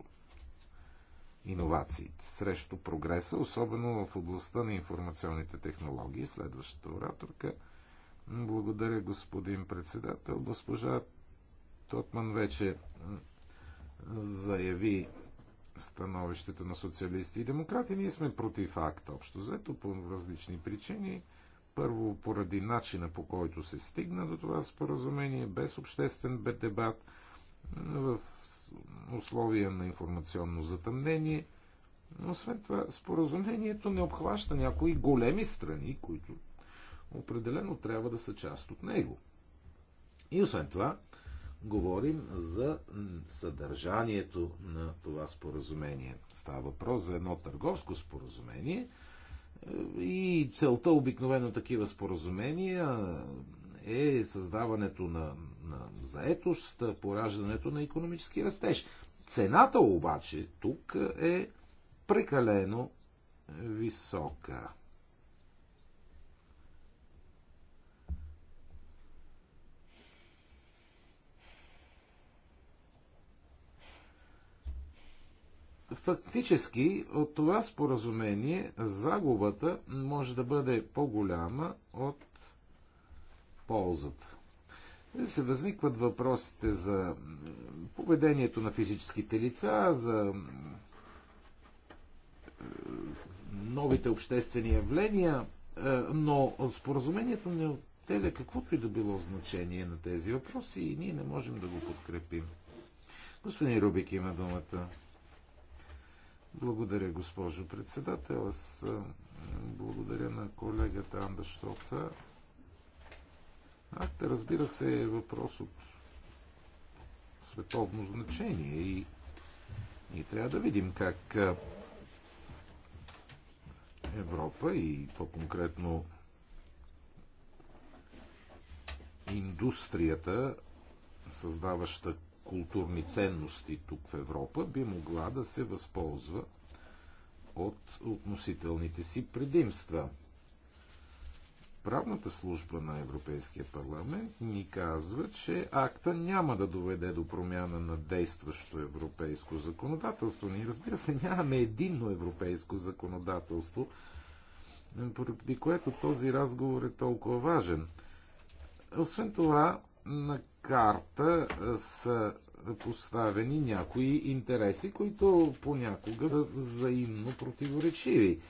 иновациите, срещу прогреса, особено в областта на информационните технологии. Следващата ораторка. Благодаря, господин председател. Госпожа Тотман вече заяви становището на социалисти и демократи. Ние сме против акта общо взето по различни причини. Първо, поради начина по който се стигна до това споразумение, без обществен дебат – в условия на информационно затъмнение. Но освен това, споразумението не обхваща някои големи страни, които определено трябва да са част от него. И освен това, говорим за съдържанието на това споразумение. Става въпрос за едно търговско споразумение е, и целта обикновено такива споразумения е създаването на на заетост, пораждането на економически растеж. Цената обаче тук е прекалено е, висока. Фактически от това споразумение загубата може да бъде по-голяма от ползата се възникват въпросите за поведението на физическите лица, за е, новите обществени явления, е, но споразумението не отделя каквото и да било значение на тези въпроси и ние не можем да го подкрепим. Господин Рубик има думата. Благодаря, госпожо председател. Аз е, благодаря на колегата Анда Штофа Акта, разбира се, е въпрос от световно значение и, и трябва да видим как Европа и по-конкретно индустрията, създаваща културни ценности тук в Европа, би могла да се възползва от относителните си предимства – правната служба на Европейския парламент ни казва, че акта няма да доведе до промяна на действащо европейско законодателство. Ние, разбира се, нямаме единно европейско законодателство, поради което този разговор е толкова важен. Освен това, на карта са поставени някои интереси, които понякога са взаимно противоречиви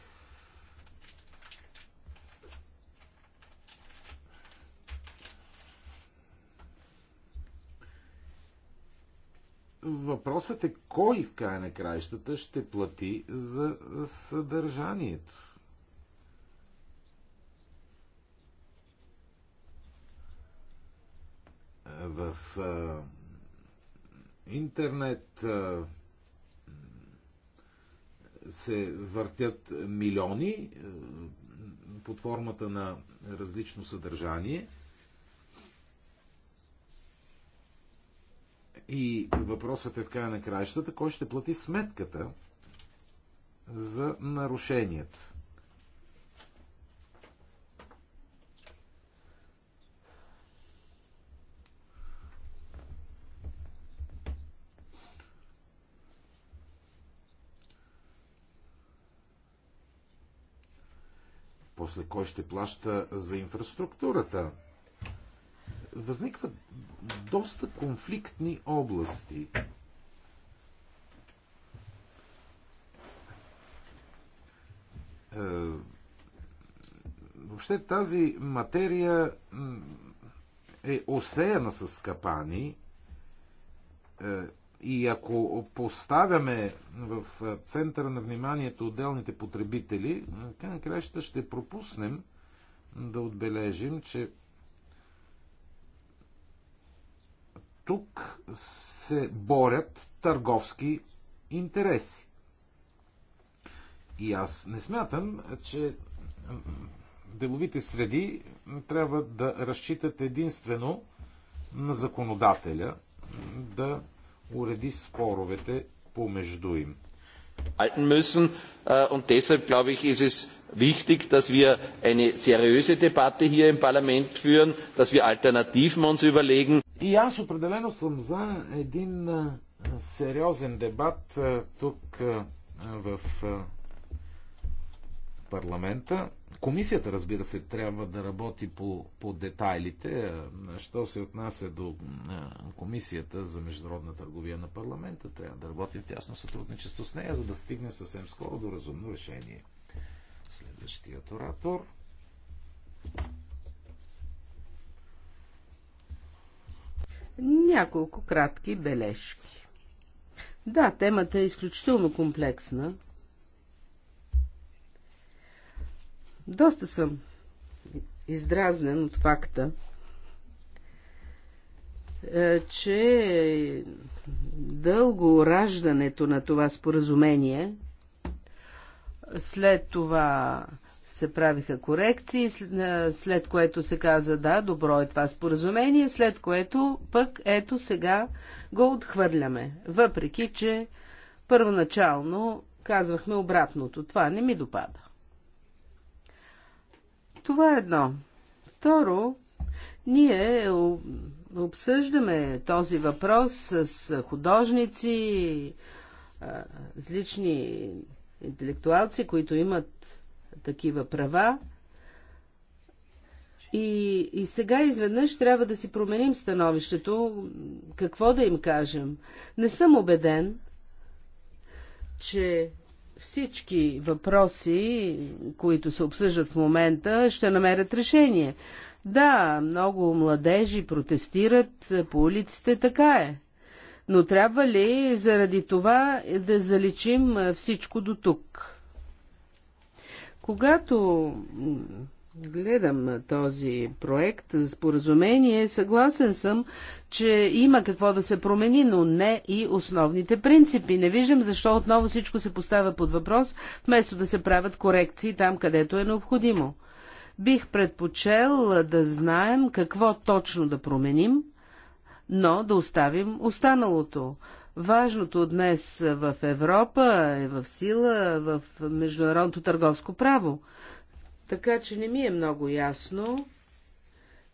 въпросът е кой в края на краищата ще плати за съдържанието. В а, интернет а, се въртят милиони а, под формата на различно съдържание – И въпросът е в края на краищата, кой ще плати сметката за нарушението. После кой ще плаща за инфраструктурата? възникват доста конфликтни области. Е, въобще тази материя е осеяна с капани е, и ако поставяме в центъра на вниманието отделните потребители, край на ще пропуснем да отбележим, че тук се борят търговски интереси. И аз не смятам, че деловите среди трябва да разчитат единствено на законодателя да уреди споровете помежду им. halten müssen. Und deshalb, glaube ich, ist es wichtig, dass wir eine seriöse Debatte hier im Parlament führen, dass wir Alternativen uns überlegen и аз определено съм за един сериозен дебат тук в парламента. Комисията, разбира се, трябва да работи по, по детайлите. Що се отнася до Комисията за международна търговия на парламента, трябва да работи в тясно сътрудничество с нея, за да стигнем съвсем скоро до разумно решение. Следващият оратор. Няколко кратки бележки. Да, темата е изключително комплексна. Доста съм издразнен от факта, е, че дълго раждането на това споразумение, след това се правиха корекции, след което се каза да, добро е това споразумение, след което пък ето сега го отхвърляме. Въпреки, че първоначално казвахме обратното. Това не ми допада. Това е едно. Второ, ние обсъждаме този въпрос с художници, с лични интелектуалци, които имат такива права. И, и сега изведнъж трябва да си променим становището, какво да им кажем. Не съм убеден, че всички въпроси, които се обсъждат в момента, ще намерят решение. Да, много младежи протестират по улиците, така е. Но трябва ли заради това да заличим всичко до тук? Когато гледам този проект за споразумение, съгласен съм, че има какво да се промени, но не и основните принципи. Не виждам защо отново всичко се поставя под въпрос, вместо да се правят корекции там, където е необходимо. Бих предпочел да знаем какво точно да променим, но да оставим останалото. Важното днес в Европа е в сила в международното търговско право. Така че не ми е много ясно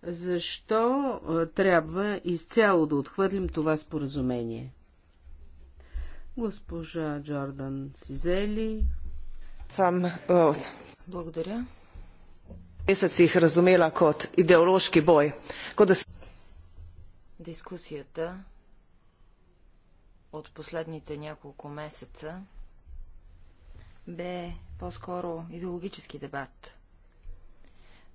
защо трябва изцяло да отхвърлим това споразумение. Госпожа Джордан Сизели. Сам Благодаря. их разумела като идеологски бой. Дискусията от последните няколко месеца бе по-скоро идеологически дебат.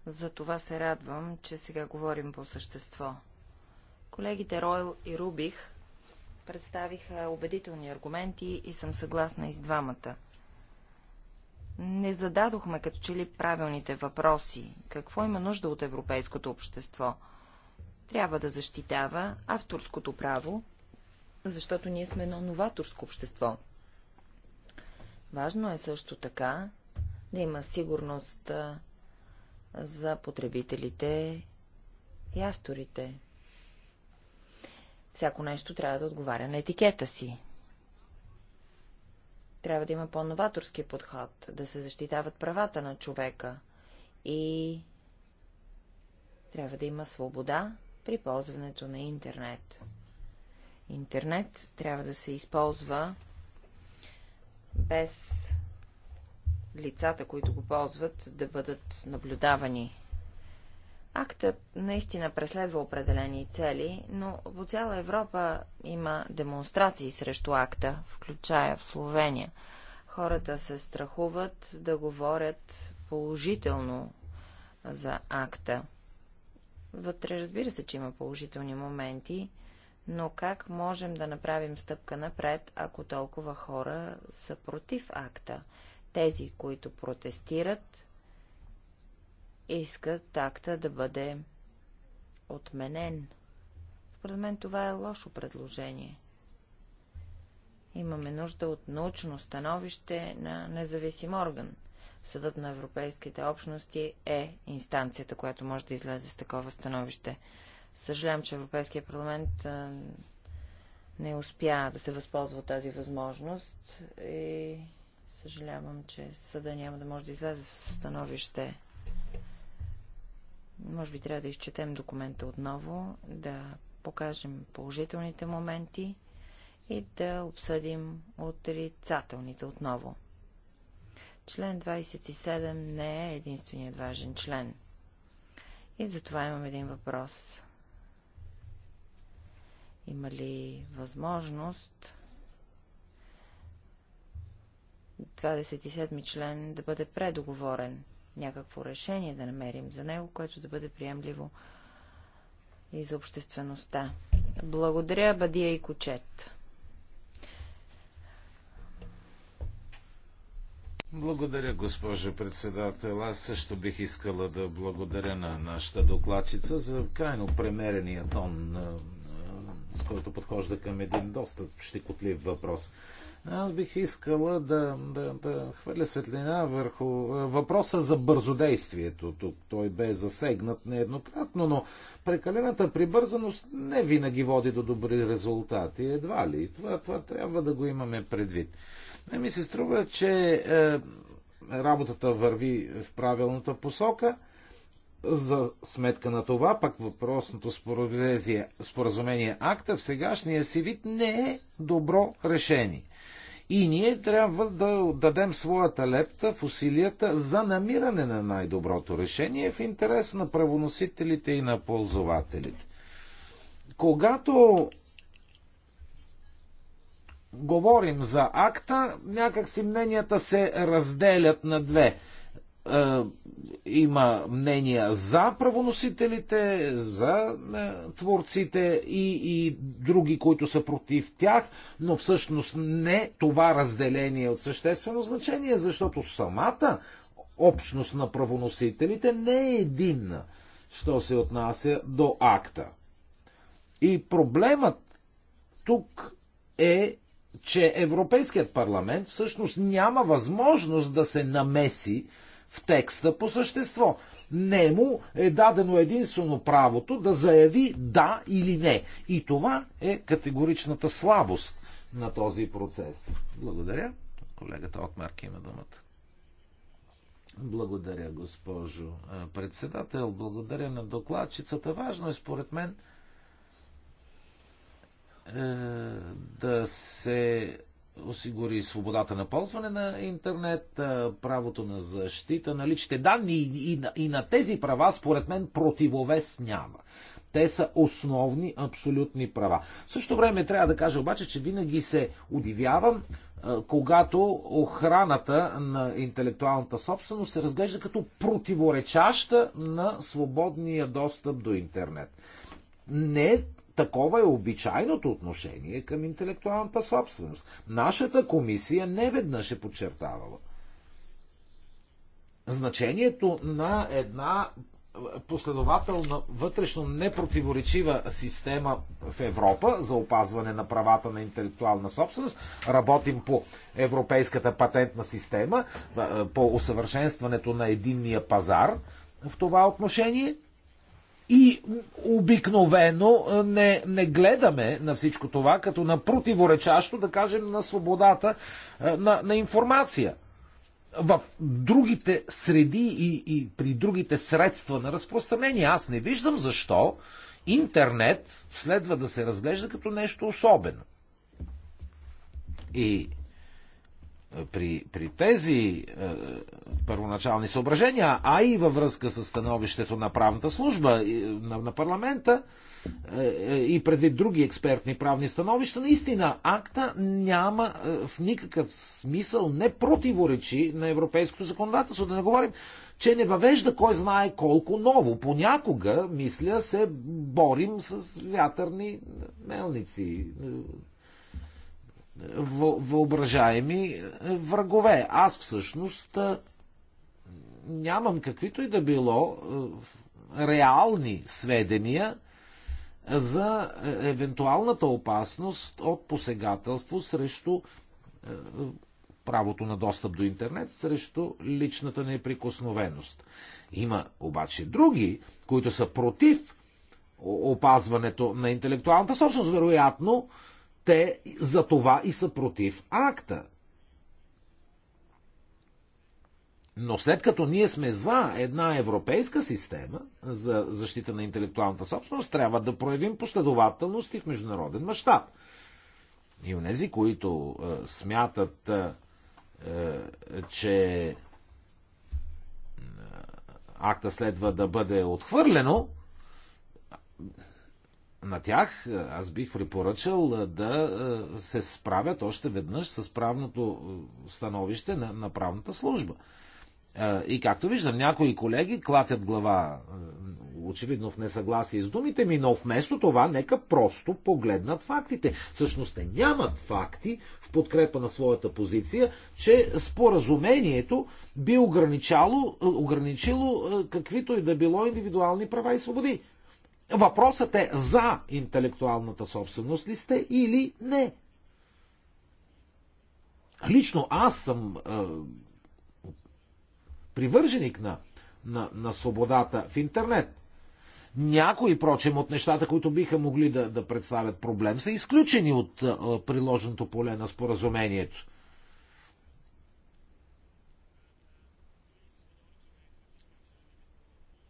За това се радвам, че сега говорим по същество. Колегите Ройл и Рубих представиха убедителни аргументи и съм съгласна и с двамата. Не зададохме като че ли правилните въпроси. Какво има нужда от европейското общество? Трябва да защитава авторското право, защото ние сме едно новаторско общество. Важно е също така да има сигурност за потребителите и авторите. Всяко нещо трябва да отговаря на етикета си. Трябва да има по-новаторски подход, да се защитават правата на човека и трябва да има свобода при ползването на интернет интернет трябва да се използва без лицата, които го ползват, да бъдат наблюдавани. Акта наистина преследва определени цели, но по цяла Европа има демонстрации срещу акта, включая в Словения. Хората се страхуват да говорят положително за акта. Вътре разбира се, че има положителни моменти, но как можем да направим стъпка напред, ако толкова хора са против акта? Тези, които протестират, искат акта да бъде отменен. Според мен това е лошо предложение. Имаме нужда от научно становище на независим орган. Съдът на европейските общности е инстанцията, която може да излезе с такова становище. Съжалявам, че Европейския парламент не успя да се възползва от тази възможност и съжалявам, че съда няма да може да излезе с становище. Може би трябва да изчетем документа отново, да покажем положителните моменти и да обсъдим отрицателните отново. Член 27 не е единственият важен член. И затова имам един въпрос. Има ли възможност 27-ми член да бъде предоговорен? Някакво решение да намерим за него, което да бъде приемливо и за обществеността. Благодаря, Бадия и Кочет. Благодаря, госпожо председател. Аз също бих искала да благодаря на нашата докладчица за крайно премерения тон, на с който подхожда към един доста щекотлив въпрос. Аз бих искала да, да, да хвърля светлина върху въпроса за бързодействието. Тук той бе засегнат нееднократно, но прекалената прибързаност не винаги води до добри резултати. Едва ли. Това, това трябва да го имаме предвид. Не ми се струва, че е, работата върви в правилната посока – за сметка на това, пък въпросното споразумение, споразумение акта в сегашния си вид не е добро решение. И ние трябва да дадем своята лепта в усилията за намиране на най-доброто решение в интерес на правоносителите и на ползвателите. Когато говорим за акта, някакси мненията се разделят на две – е, има мнения за правоносителите, за е, творците и, и други, които са против тях, но всъщност не това разделение е от съществено значение, защото самата общност на правоносителите не е единна, що се отнася до акта. И проблемът тук е, че Европейският парламент всъщност няма възможност да се намеси в текста по същество. Нему е дадено единствено правото да заяви да или не. И това е категоричната слабост на този процес. Благодаря. Колегата Отмарк има думата. Благодаря, госпожо председател. Благодаря на докладчицата. Важно е, според мен, е, да се осигури свободата на ползване на интернет, правото на защита на личните данни и, и, и на тези права, според мен, противовес няма. Те са основни абсолютни права. В същото време трябва да кажа обаче, че винаги се удивявам, когато охраната на интелектуалната собственост се разглежда като противоречаща на свободния достъп до интернет. Не е Такова е обичайното отношение към интелектуалната собственост. Нашата комисия не веднъж е подчертавала значението на една последователна, вътрешно непротиворечива система в Европа за опазване на правата на интелектуална собственост. Работим по европейската патентна система, по усъвършенстването на единния пазар в това отношение – и обикновено не, не гледаме на всичко това като на противоречащо, да кажем, на свободата на, на информация. В другите среди и, и при другите средства на разпространение аз не виждам защо интернет следва да се разглежда като нещо особено. И при, при тези е, първоначални съображения, а и във връзка с становището на правната служба и, на, на парламента е, е, и предвид други експертни правни становища, наистина акта няма е, в никакъв смисъл, не противоречи на европейското законодателство. Да не говорим, че не въвежда кой знае колко ново. Понякога, мисля, се борим с вятърни мелници въображаеми е, врагове. Аз всъщност е, нямам каквито и да било е, реални сведения за евентуалната опасност от посегателство срещу правото на достъп до интернет, срещу личната неприкосновеност. Има обаче други, които са против опазването на интелектуалната собственост, вероятно, те за това и са против акта. Но след като ние сме за една европейска система за защита на интелектуалната собственост, трябва да проявим последователност и в международен мащаб. И нези, които е, смятат, е, е че е, акта следва да бъде отхвърлено, на тях е, аз бих препоръчал е, да е, се справят още веднъж с правното становище на, на правната служба. И както виждам, някои колеги клатят глава, очевидно в несъгласие с думите ми, но вместо това нека просто погледнат фактите. Всъщност те нямат факти в подкрепа на своята позиция, че споразумението би ограничало, ограничило каквито и да било индивидуални права и свободи. Въпросът е за интелектуалната собственост ли сте или не. Лично аз съм е, привърженик на, на, на свободата в интернет. Някои, прочем, от нещата, които биха могли да, да представят проблем, са изключени от е, приложеното поле на споразумението.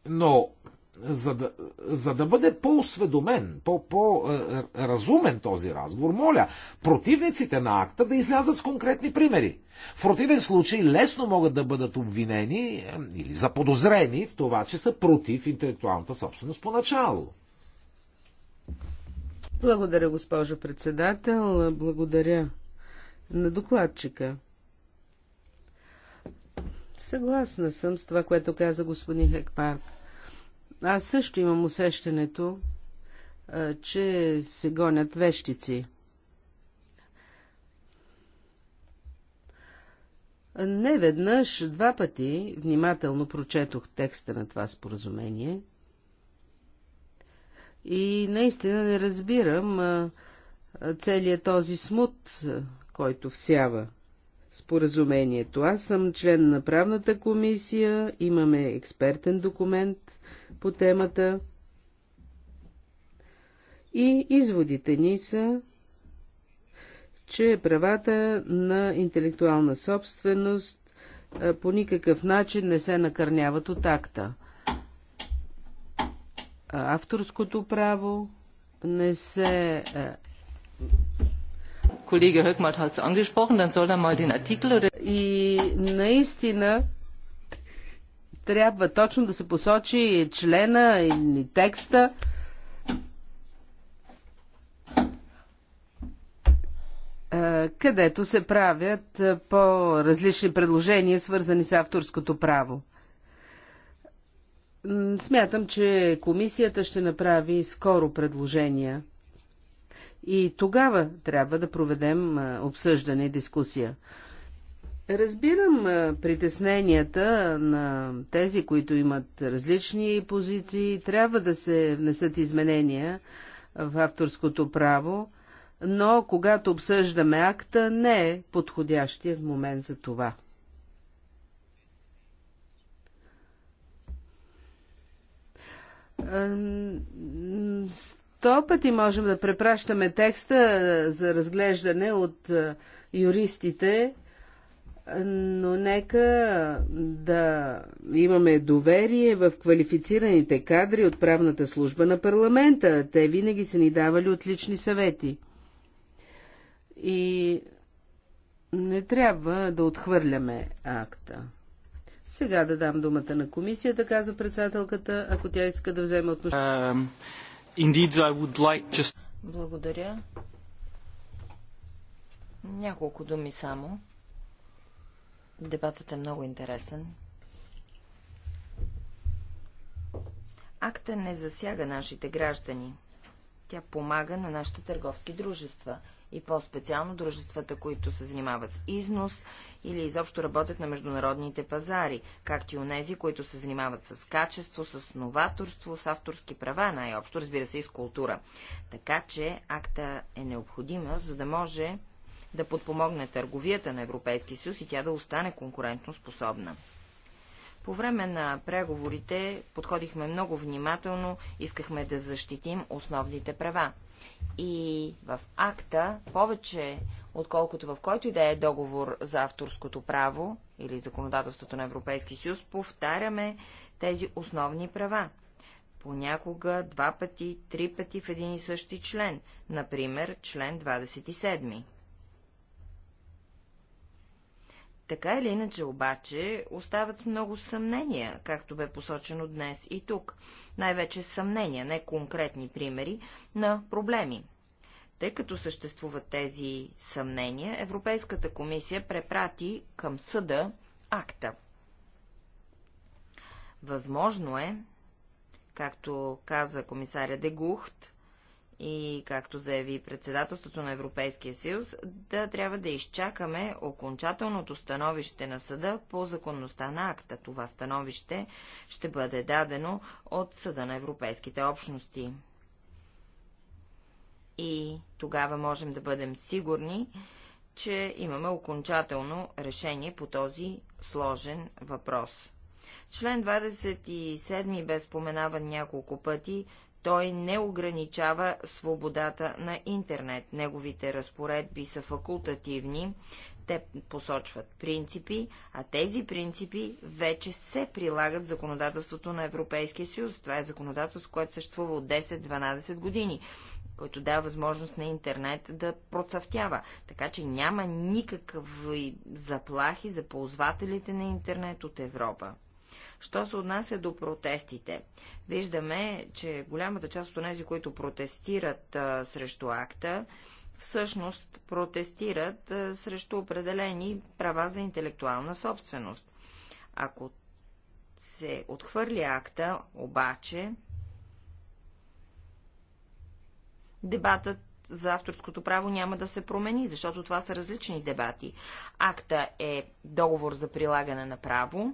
Но за да, за да бъде по-осведомен, по-разумен -по е, е, този разговор, моля противниците на акта да излязат с конкретни примери. В противен случай лесно могат да бъдат обвинени е, или заподозрени в това, че са против интелектуалната собственост поначало. Благодаря, госпожо председател. Благодаря на докладчика. Съгласна съм с това, което каза господин Хекпарк. Аз също имам усещането, че се гонят вещици. Не веднъж, два пъти внимателно прочетох текста на това споразумение и наистина не разбирам целият този смут, който всява споразумението. Аз съм член на правната комисия, имаме експертен документ – по темата. И изводите ни са, че правата на интелектуална собственост по никакъв начин не се накърняват от акта. Авторското право не се Колега Хъкмат, аз съм angesprochen, dann soll er mal den Artikel И наистина трябва точно да се посочи члена или текста. където се правят по-различни предложения, свързани с авторското право. Смятам, че комисията ще направи скоро предложения. И тогава трябва да проведем обсъждане и дискусия. Разбирам притесненията на тези, които имат различни позиции. Трябва да се внесат изменения в авторското право, но когато обсъждаме акта, не е подходящият момент за това. Сто пъти можем да препращаме текста за разглеждане от юристите, но нека да имаме доверие в квалифицираните кадри от правната служба на парламента. Те винаги са ни давали отлични съвети. И не трябва да отхвърляме акта. Сега да дам думата на комисията, казва председателката, ако тя иска да вземе отношение. Um, like just... Благодаря. Няколко думи само. Дебатът е много интересен. Акта не засяга нашите граждани. Тя помага на нашите търговски дружества и по-специално дружествата, които се занимават с износ или изобщо работят на международните пазари, както и онези, които се занимават с качество, с новаторство, с авторски права, най-общо, разбира се, и с култура. Така че акта е необходима, за да може да подпомогне търговията на Европейския съюз и тя да остане конкурентно способна. По време на преговорите подходихме много внимателно, искахме да защитим основните права. И в акта повече отколкото в който и да е договор за авторското право или законодателството на Европейския съюз, повтаряме тези основни права. Понякога два пъти, три пъти в един и същи член, например член 27. Така или иначе обаче остават много съмнения, както бе посочено днес и тук. Най-вече съмнения, не конкретни примери на проблеми. Тъй като съществуват тези съмнения, Европейската комисия препрати към съда акта. Възможно е, както каза комисаря Дегухт, и, както заяви председателството на Европейския съюз, да трябва да изчакаме окончателното становище на съда по законността на акта. Това становище ще бъде дадено от съда на Европейските общности. И тогава можем да бъдем сигурни, че имаме окончателно решение по този сложен въпрос. Член 27 бе споменаван няколко пъти той не ограничава свободата на интернет. Неговите разпоредби са факултативни, те посочват принципи, а тези принципи вече се прилагат в законодателството на Европейския съюз. Това е законодателство, което съществува от 10-12 години, който дава възможност на интернет да процъфтява. Така че няма никакви заплахи за ползвателите на интернет от Европа. Що се отнася до протестите? Виждаме, че голямата част от тези, които протестират а, срещу акта, всъщност протестират а, срещу определени права за интелектуална собственост. Ако се отхвърли акта, обаче, дебатът за авторското право няма да се промени, защото това са различни дебати. Акта е договор за прилагане на право,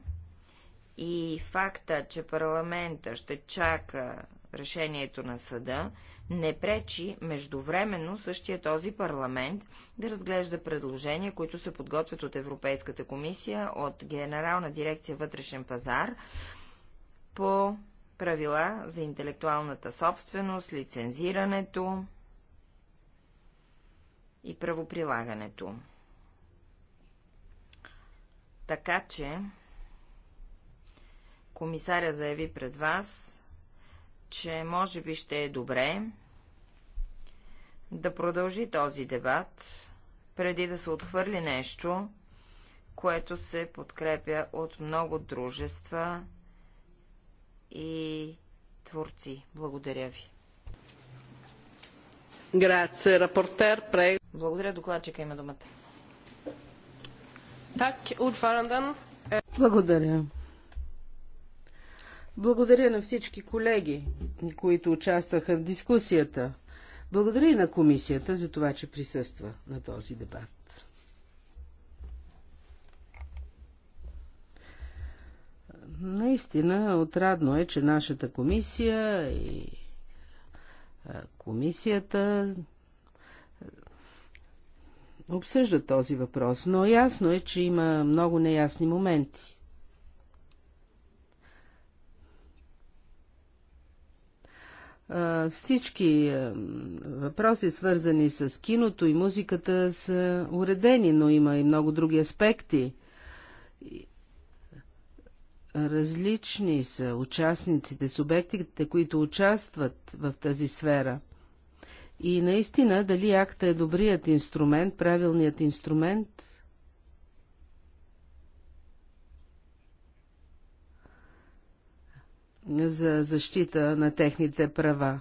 и факта, че парламента ще чака решението на съда, не пречи междувременно същия този парламент да разглежда предложения, които се подготвят от Европейската комисия, от Генерална дирекция вътрешен пазар по правила за интелектуалната собственост, лицензирането и правоприлагането. Така че комисаря заяви пред вас, че може би ще е добре да продължи този дебат, преди да се отхвърли нещо, което се подкрепя от много дружества и творци. Благодаря ви. Благодаря, докладчика има думата. Так, Благодаря. Благодаря на всички колеги, които участваха в дискусията. Благодаря и на комисията за това, че присъства на този дебат. Наистина отрадно е, че нашата комисия и комисията обсъждат този въпрос, но ясно е, че има много неясни моменти. Всички въпроси, свързани с киното и музиката, са уредени, но има и много други аспекти. Различни са участниците, субектите, които участват в тази сфера. И наистина, дали акта е добрият инструмент, правилният инструмент, за защита на техните права.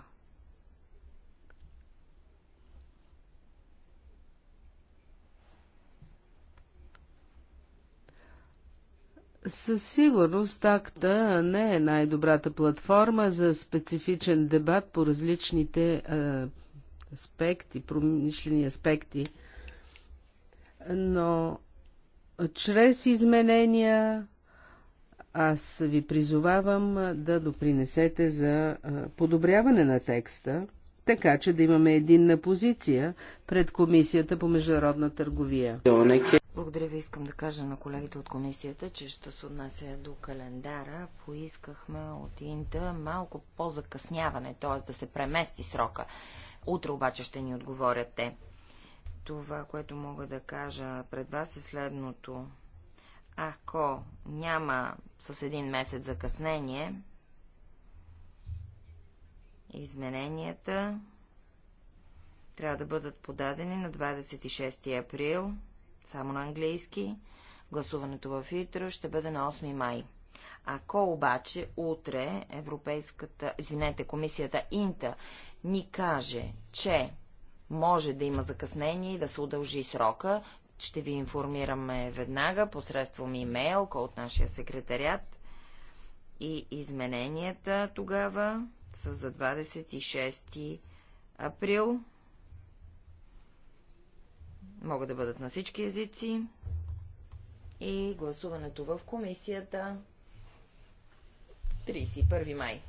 Със сигурност акта не е най-добрата платформа за специфичен дебат по различните аспекти, промишлени аспекти, но чрез изменения аз ви призовавам да допринесете за подобряване на текста, така че да имаме единна позиция пред Комисията по международна търговия. Благодаря ви. Искам да кажа на колегите от комисията, че ще се отнася до календара. Поискахме от Инта малко по-закъсняване, т.е. да се премести срока. Утре обаче ще ни отговорят те. Това, което мога да кажа пред вас е следното. Ако няма с един месец закъснение, измененията трябва да бъдат подадени на 26 април, само на английски. Гласуването в ИТРО ще бъде на 8 май. Ако обаче утре Европейската, извинете, комисията Инта ни каже, че може да има закъснение и да се удължи срока, ще ви информираме веднага посредством имейл от нашия секретарят. И измененията тогава са за 26 април. Могат да бъдат на всички езици. И гласуването в комисията 31 май.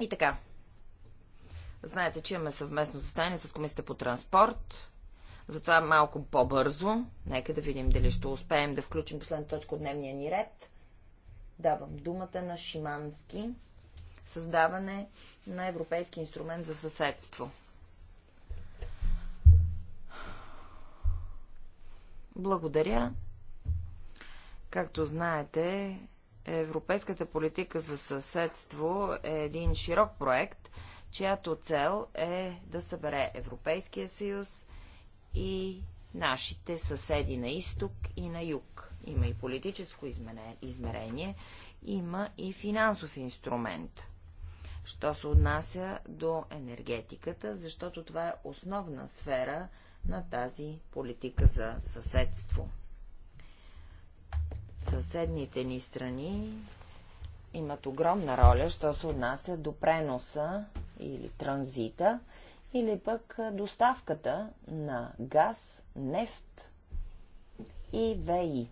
И така. Знаете, че имаме съвместно състояние с Комисията по транспорт. Затова малко по-бързо. Нека да видим дали ще успеем да включим последната точка от дневния ни ред. Давам думата на Шимански. Създаване на Европейски инструмент за съседство. Благодаря. Както знаете, Европейската политика за съседство е един широк проект, чиято цел е да събере Европейския съюз и нашите съседи на изток и на юг. Има и политическо измерение, има и финансов инструмент. Що се отнася до енергетиката, защото това е основна сфера на тази политика за съседство. Съседните ни страни имат огромна роля, що се отнася до преноса или транзита или пък доставката на газ, нефт и ВИ.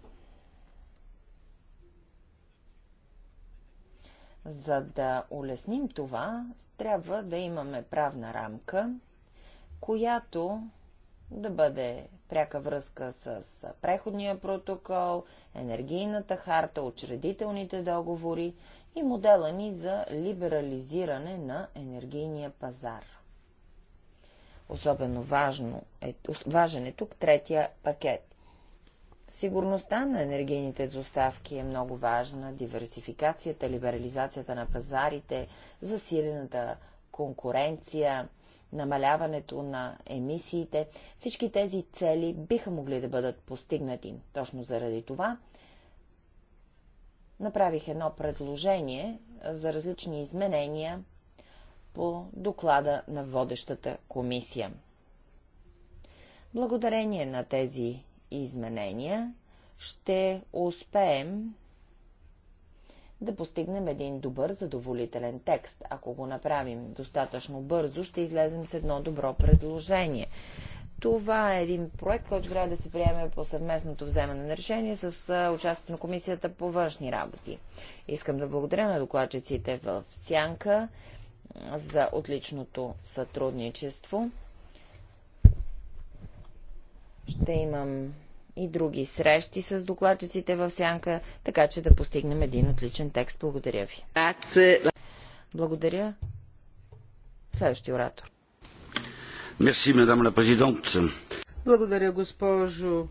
За да улесним това, трябва да имаме правна рамка, която да бъде пряка връзка с преходния протокол, енергийната харта, учредителните договори и модела ни за либерализиране на енергийния пазар. Особено важно е, важен е тук третия пакет. Сигурността на енергийните доставки е много важна, диверсификацията, либерализацията на пазарите, засилената конкуренция, намаляването на емисиите. Всички тези цели биха могли да бъдат постигнати. Точно заради това направих едно предложение за различни изменения по доклада на водещата комисия. Благодарение на тези изменения ще успеем да постигнем един добър, задоволителен текст. Ако го направим достатъчно бързо, ще излезем с едно добро предложение. Това е един проект, който трябва да се приеме по съвместното вземане на решение с участието на Комисията по външни работи. Искам да благодаря на докладчиците в Сянка за отличното сътрудничество. Ще имам и други срещи с докладчиците в Сянка, така че да постигнем един отличен текст. Благодаря ви. Благодаря. Следващия оратор. Мерси, мадам ла президент. Благодаря, госпожо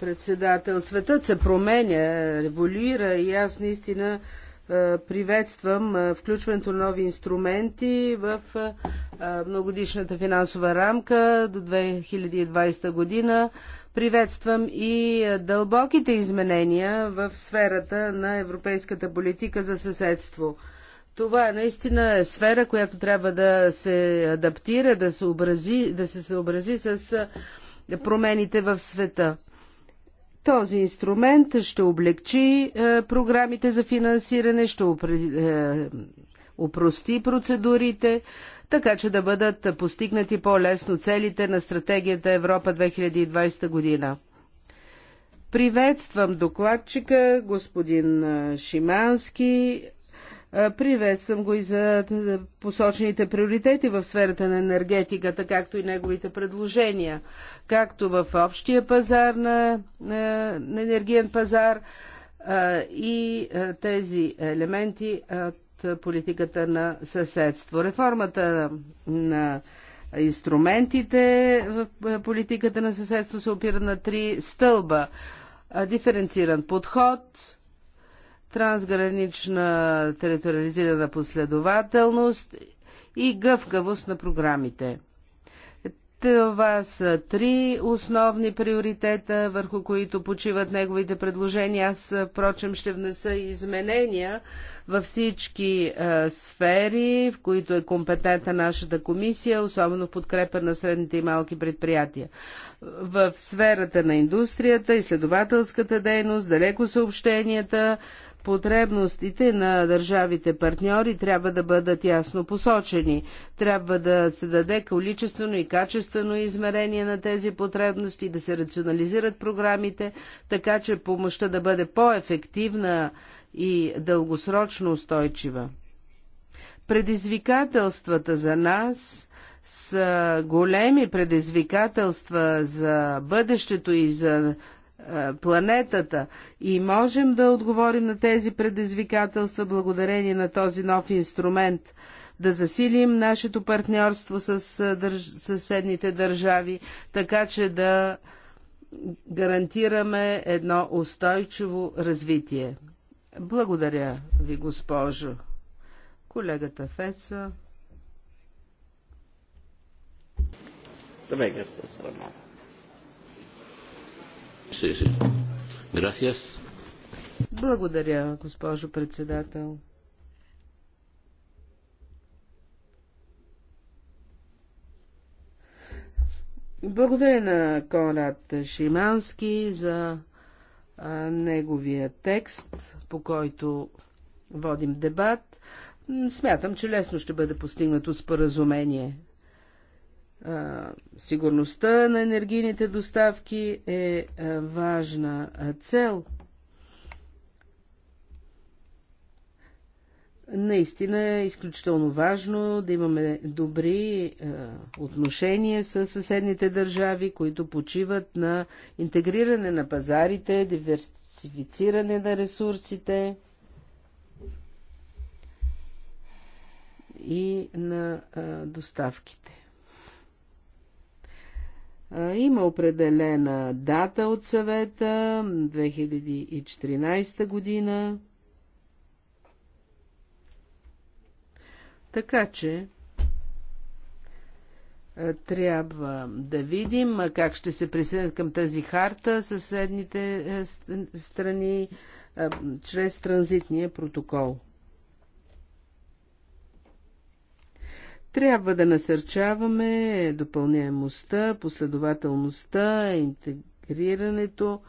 председател. Светът се променя, революира и аз наистина е, приветствам е, включването на нови инструменти в е, многодишната финансова рамка до 2020 година. Приветствам и дълбоките изменения в сферата на европейската политика за съседство. Това е наистина е сфера, която трябва да се адаптира, да се, съобрази, да се съобрази с промените в света. Този инструмент ще облегчи е, програмите за финансиране, ще е, упрости е, процедурите, така че да бъдат постигнати по-лесно целите на стратегията Европа 2020 година. Приветствам докладчика господин Шимански Приветствам го и за посочените приоритети в сферата на енергетиката, както и неговите предложения, както в общия пазар на, на енергиен пазар и тези елементи от политиката на съседство. Реформата на инструментите в политиката на съседство се опира на три стълба. Диференциран подход, трансгранична териториализирана последователност и гъвкавост на програмите. Това са три основни приоритета, върху които почиват неговите предложения. Аз, впрочем, ще внеса изменения във всички е, сфери, в които е компетентна нашата комисия, особено в подкрепа на средните и малки предприятия. В сферата на индустрията, изследователската дейност, далеко съобщенията, Потребностите на държавите партньори трябва да бъдат ясно посочени. Трябва да се даде количествено и качествено измерение на тези потребности, да се рационализират програмите, така че помощта да бъде по-ефективна и дългосрочно устойчива. Предизвикателствата за нас са големи предизвикателства за бъдещето и за е, планетата и можем да отговорим на тези предизвикателства благодарение на този нов инструмент, да засилим нашето партньорство с е, държ... съседните държави, така че да гарантираме едно устойчиво развитие. Благодаря ви, госпожо. Колегата Феса. Да ме страна. Благодаря, госпожо председател. Благодаря на Конрад Шимански за а, неговия текст, по който водим дебат. Смятам, че лесно ще бъде постигнато споразумение сигурността на енергийните доставки е важна цел. Наистина е изключително важно да имаме добри отношения с съседните държави, които почиват на интегриране на пазарите, диверсифициране на ресурсите и на доставките. Има определена дата от съвета 2014 година. Така че трябва да видим как ще се присъединят към тази харта съседните е, страни чрез транзитния протокол. Трябва да насърчаваме допълняемостта, последователността, интегрирането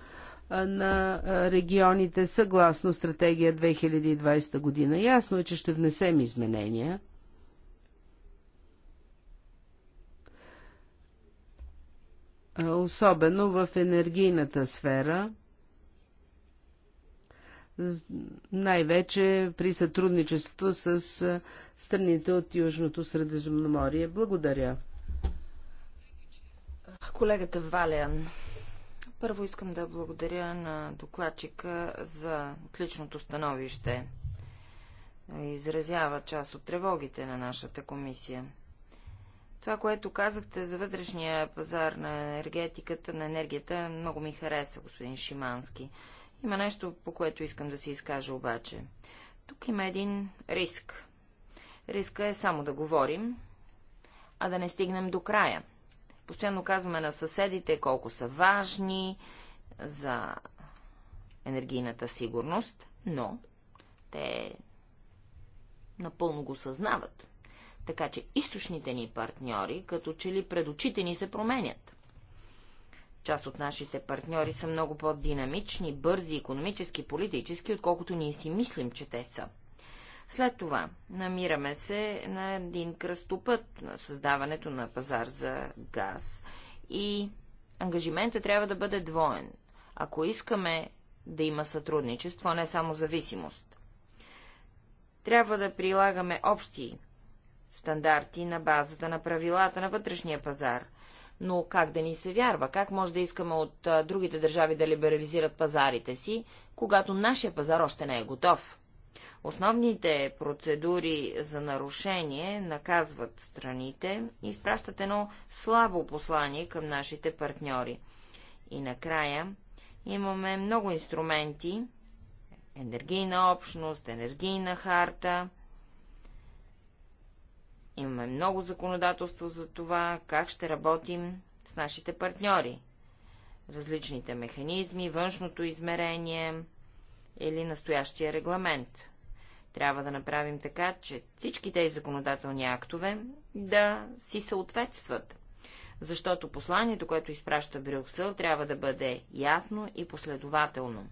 на регионите съгласно стратегия 2020 година. Ясно е, че ще внесем изменения. Особено в енергийната сфера – най-вече при сътрудничество с страните от Южното Средиземноморие. Благодаря. Колегата Валян. Първо искам да благодаря на докладчика за отличното становище. Изразява част от тревогите на нашата комисия. Това, което казахте за вътрешния пазар на енергетиката, на енергията, много ми хареса, господин Шимански. Има нещо, по което искам да си изкажа обаче. Тук има един риск. Риска е само да говорим, а да не стигнем до края. Постоянно казваме на съседите колко са важни за енергийната сигурност, но те напълно го съзнават. Така че източните ни партньори, като че ли пред очите ни се променят. Част от нашите партньори са много по-динамични, бързи, економически, политически, отколкото ние си мислим, че те са. След това намираме се на един кръстопът на създаването на пазар за газ и ангажиментът трябва да бъде двоен, ако искаме да има сътрудничество, а не само зависимост. Трябва да прилагаме общи стандарти на базата на правилата на вътрешния пазар, но как да ни се вярва? Как може да искаме от а, другите държави да либерализират пазарите си, когато нашия пазар още не е готов? Основните процедури за нарушение наказват страните и изпращат едно слабо послание към нашите партньори. И накрая имаме много инструменти енергийна общност, енергийна харта, Имаме много законодателство за това, как ще работим с нашите партньори. Различните механизми, външното измерение или настоящия регламент. Трябва да направим така, че всички тези законодателни актове да си съответстват. Защото посланието, което изпраща Брюксел, трябва да бъде ясно и последователно.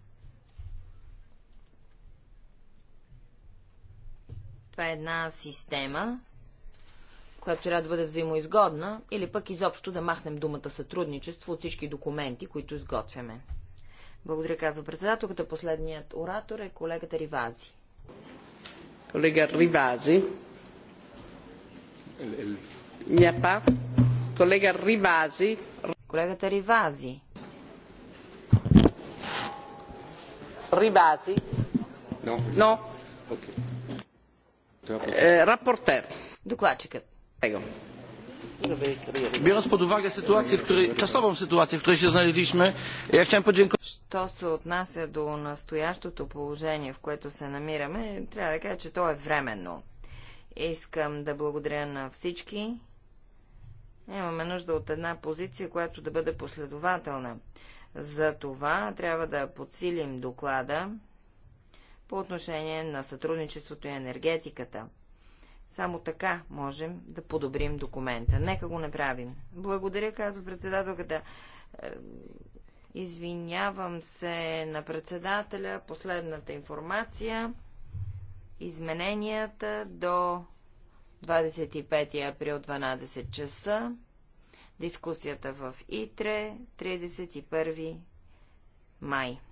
Това е една система, която трябва да бъде взаимоизгодна, или пък изобщо да махнем думата сътрудничество от всички документи, които изготвяме. Благодаря, казва председателката. Последният оратор е колегата Ривази. Колега Ривази. Няпа. Колега Ривази. Колегата Ривази. Ривази. Но. Е, рапортер. Докладчикът. Biorąc pod uwagę sytuację, w której, czasową sytuację, w której się znaleźliśmy, ja chciałem podziękować. Що се отнася до настоящото положение, в което се намираме, трябва да кажа, че то е временно. Искам да благодаря на всички. Имаме нужда от една позиция, която да бъде последователна. За това трябва да подсилим доклада по отношение на сътрудничеството и енергетиката. Само така можем да подобрим документа. Нека го направим. Благодаря, казва председателката. Е, извинявам се на председателя. Последната информация. Измененията до 25 април 12 часа. Дискусията в ИТРЕ 31 май.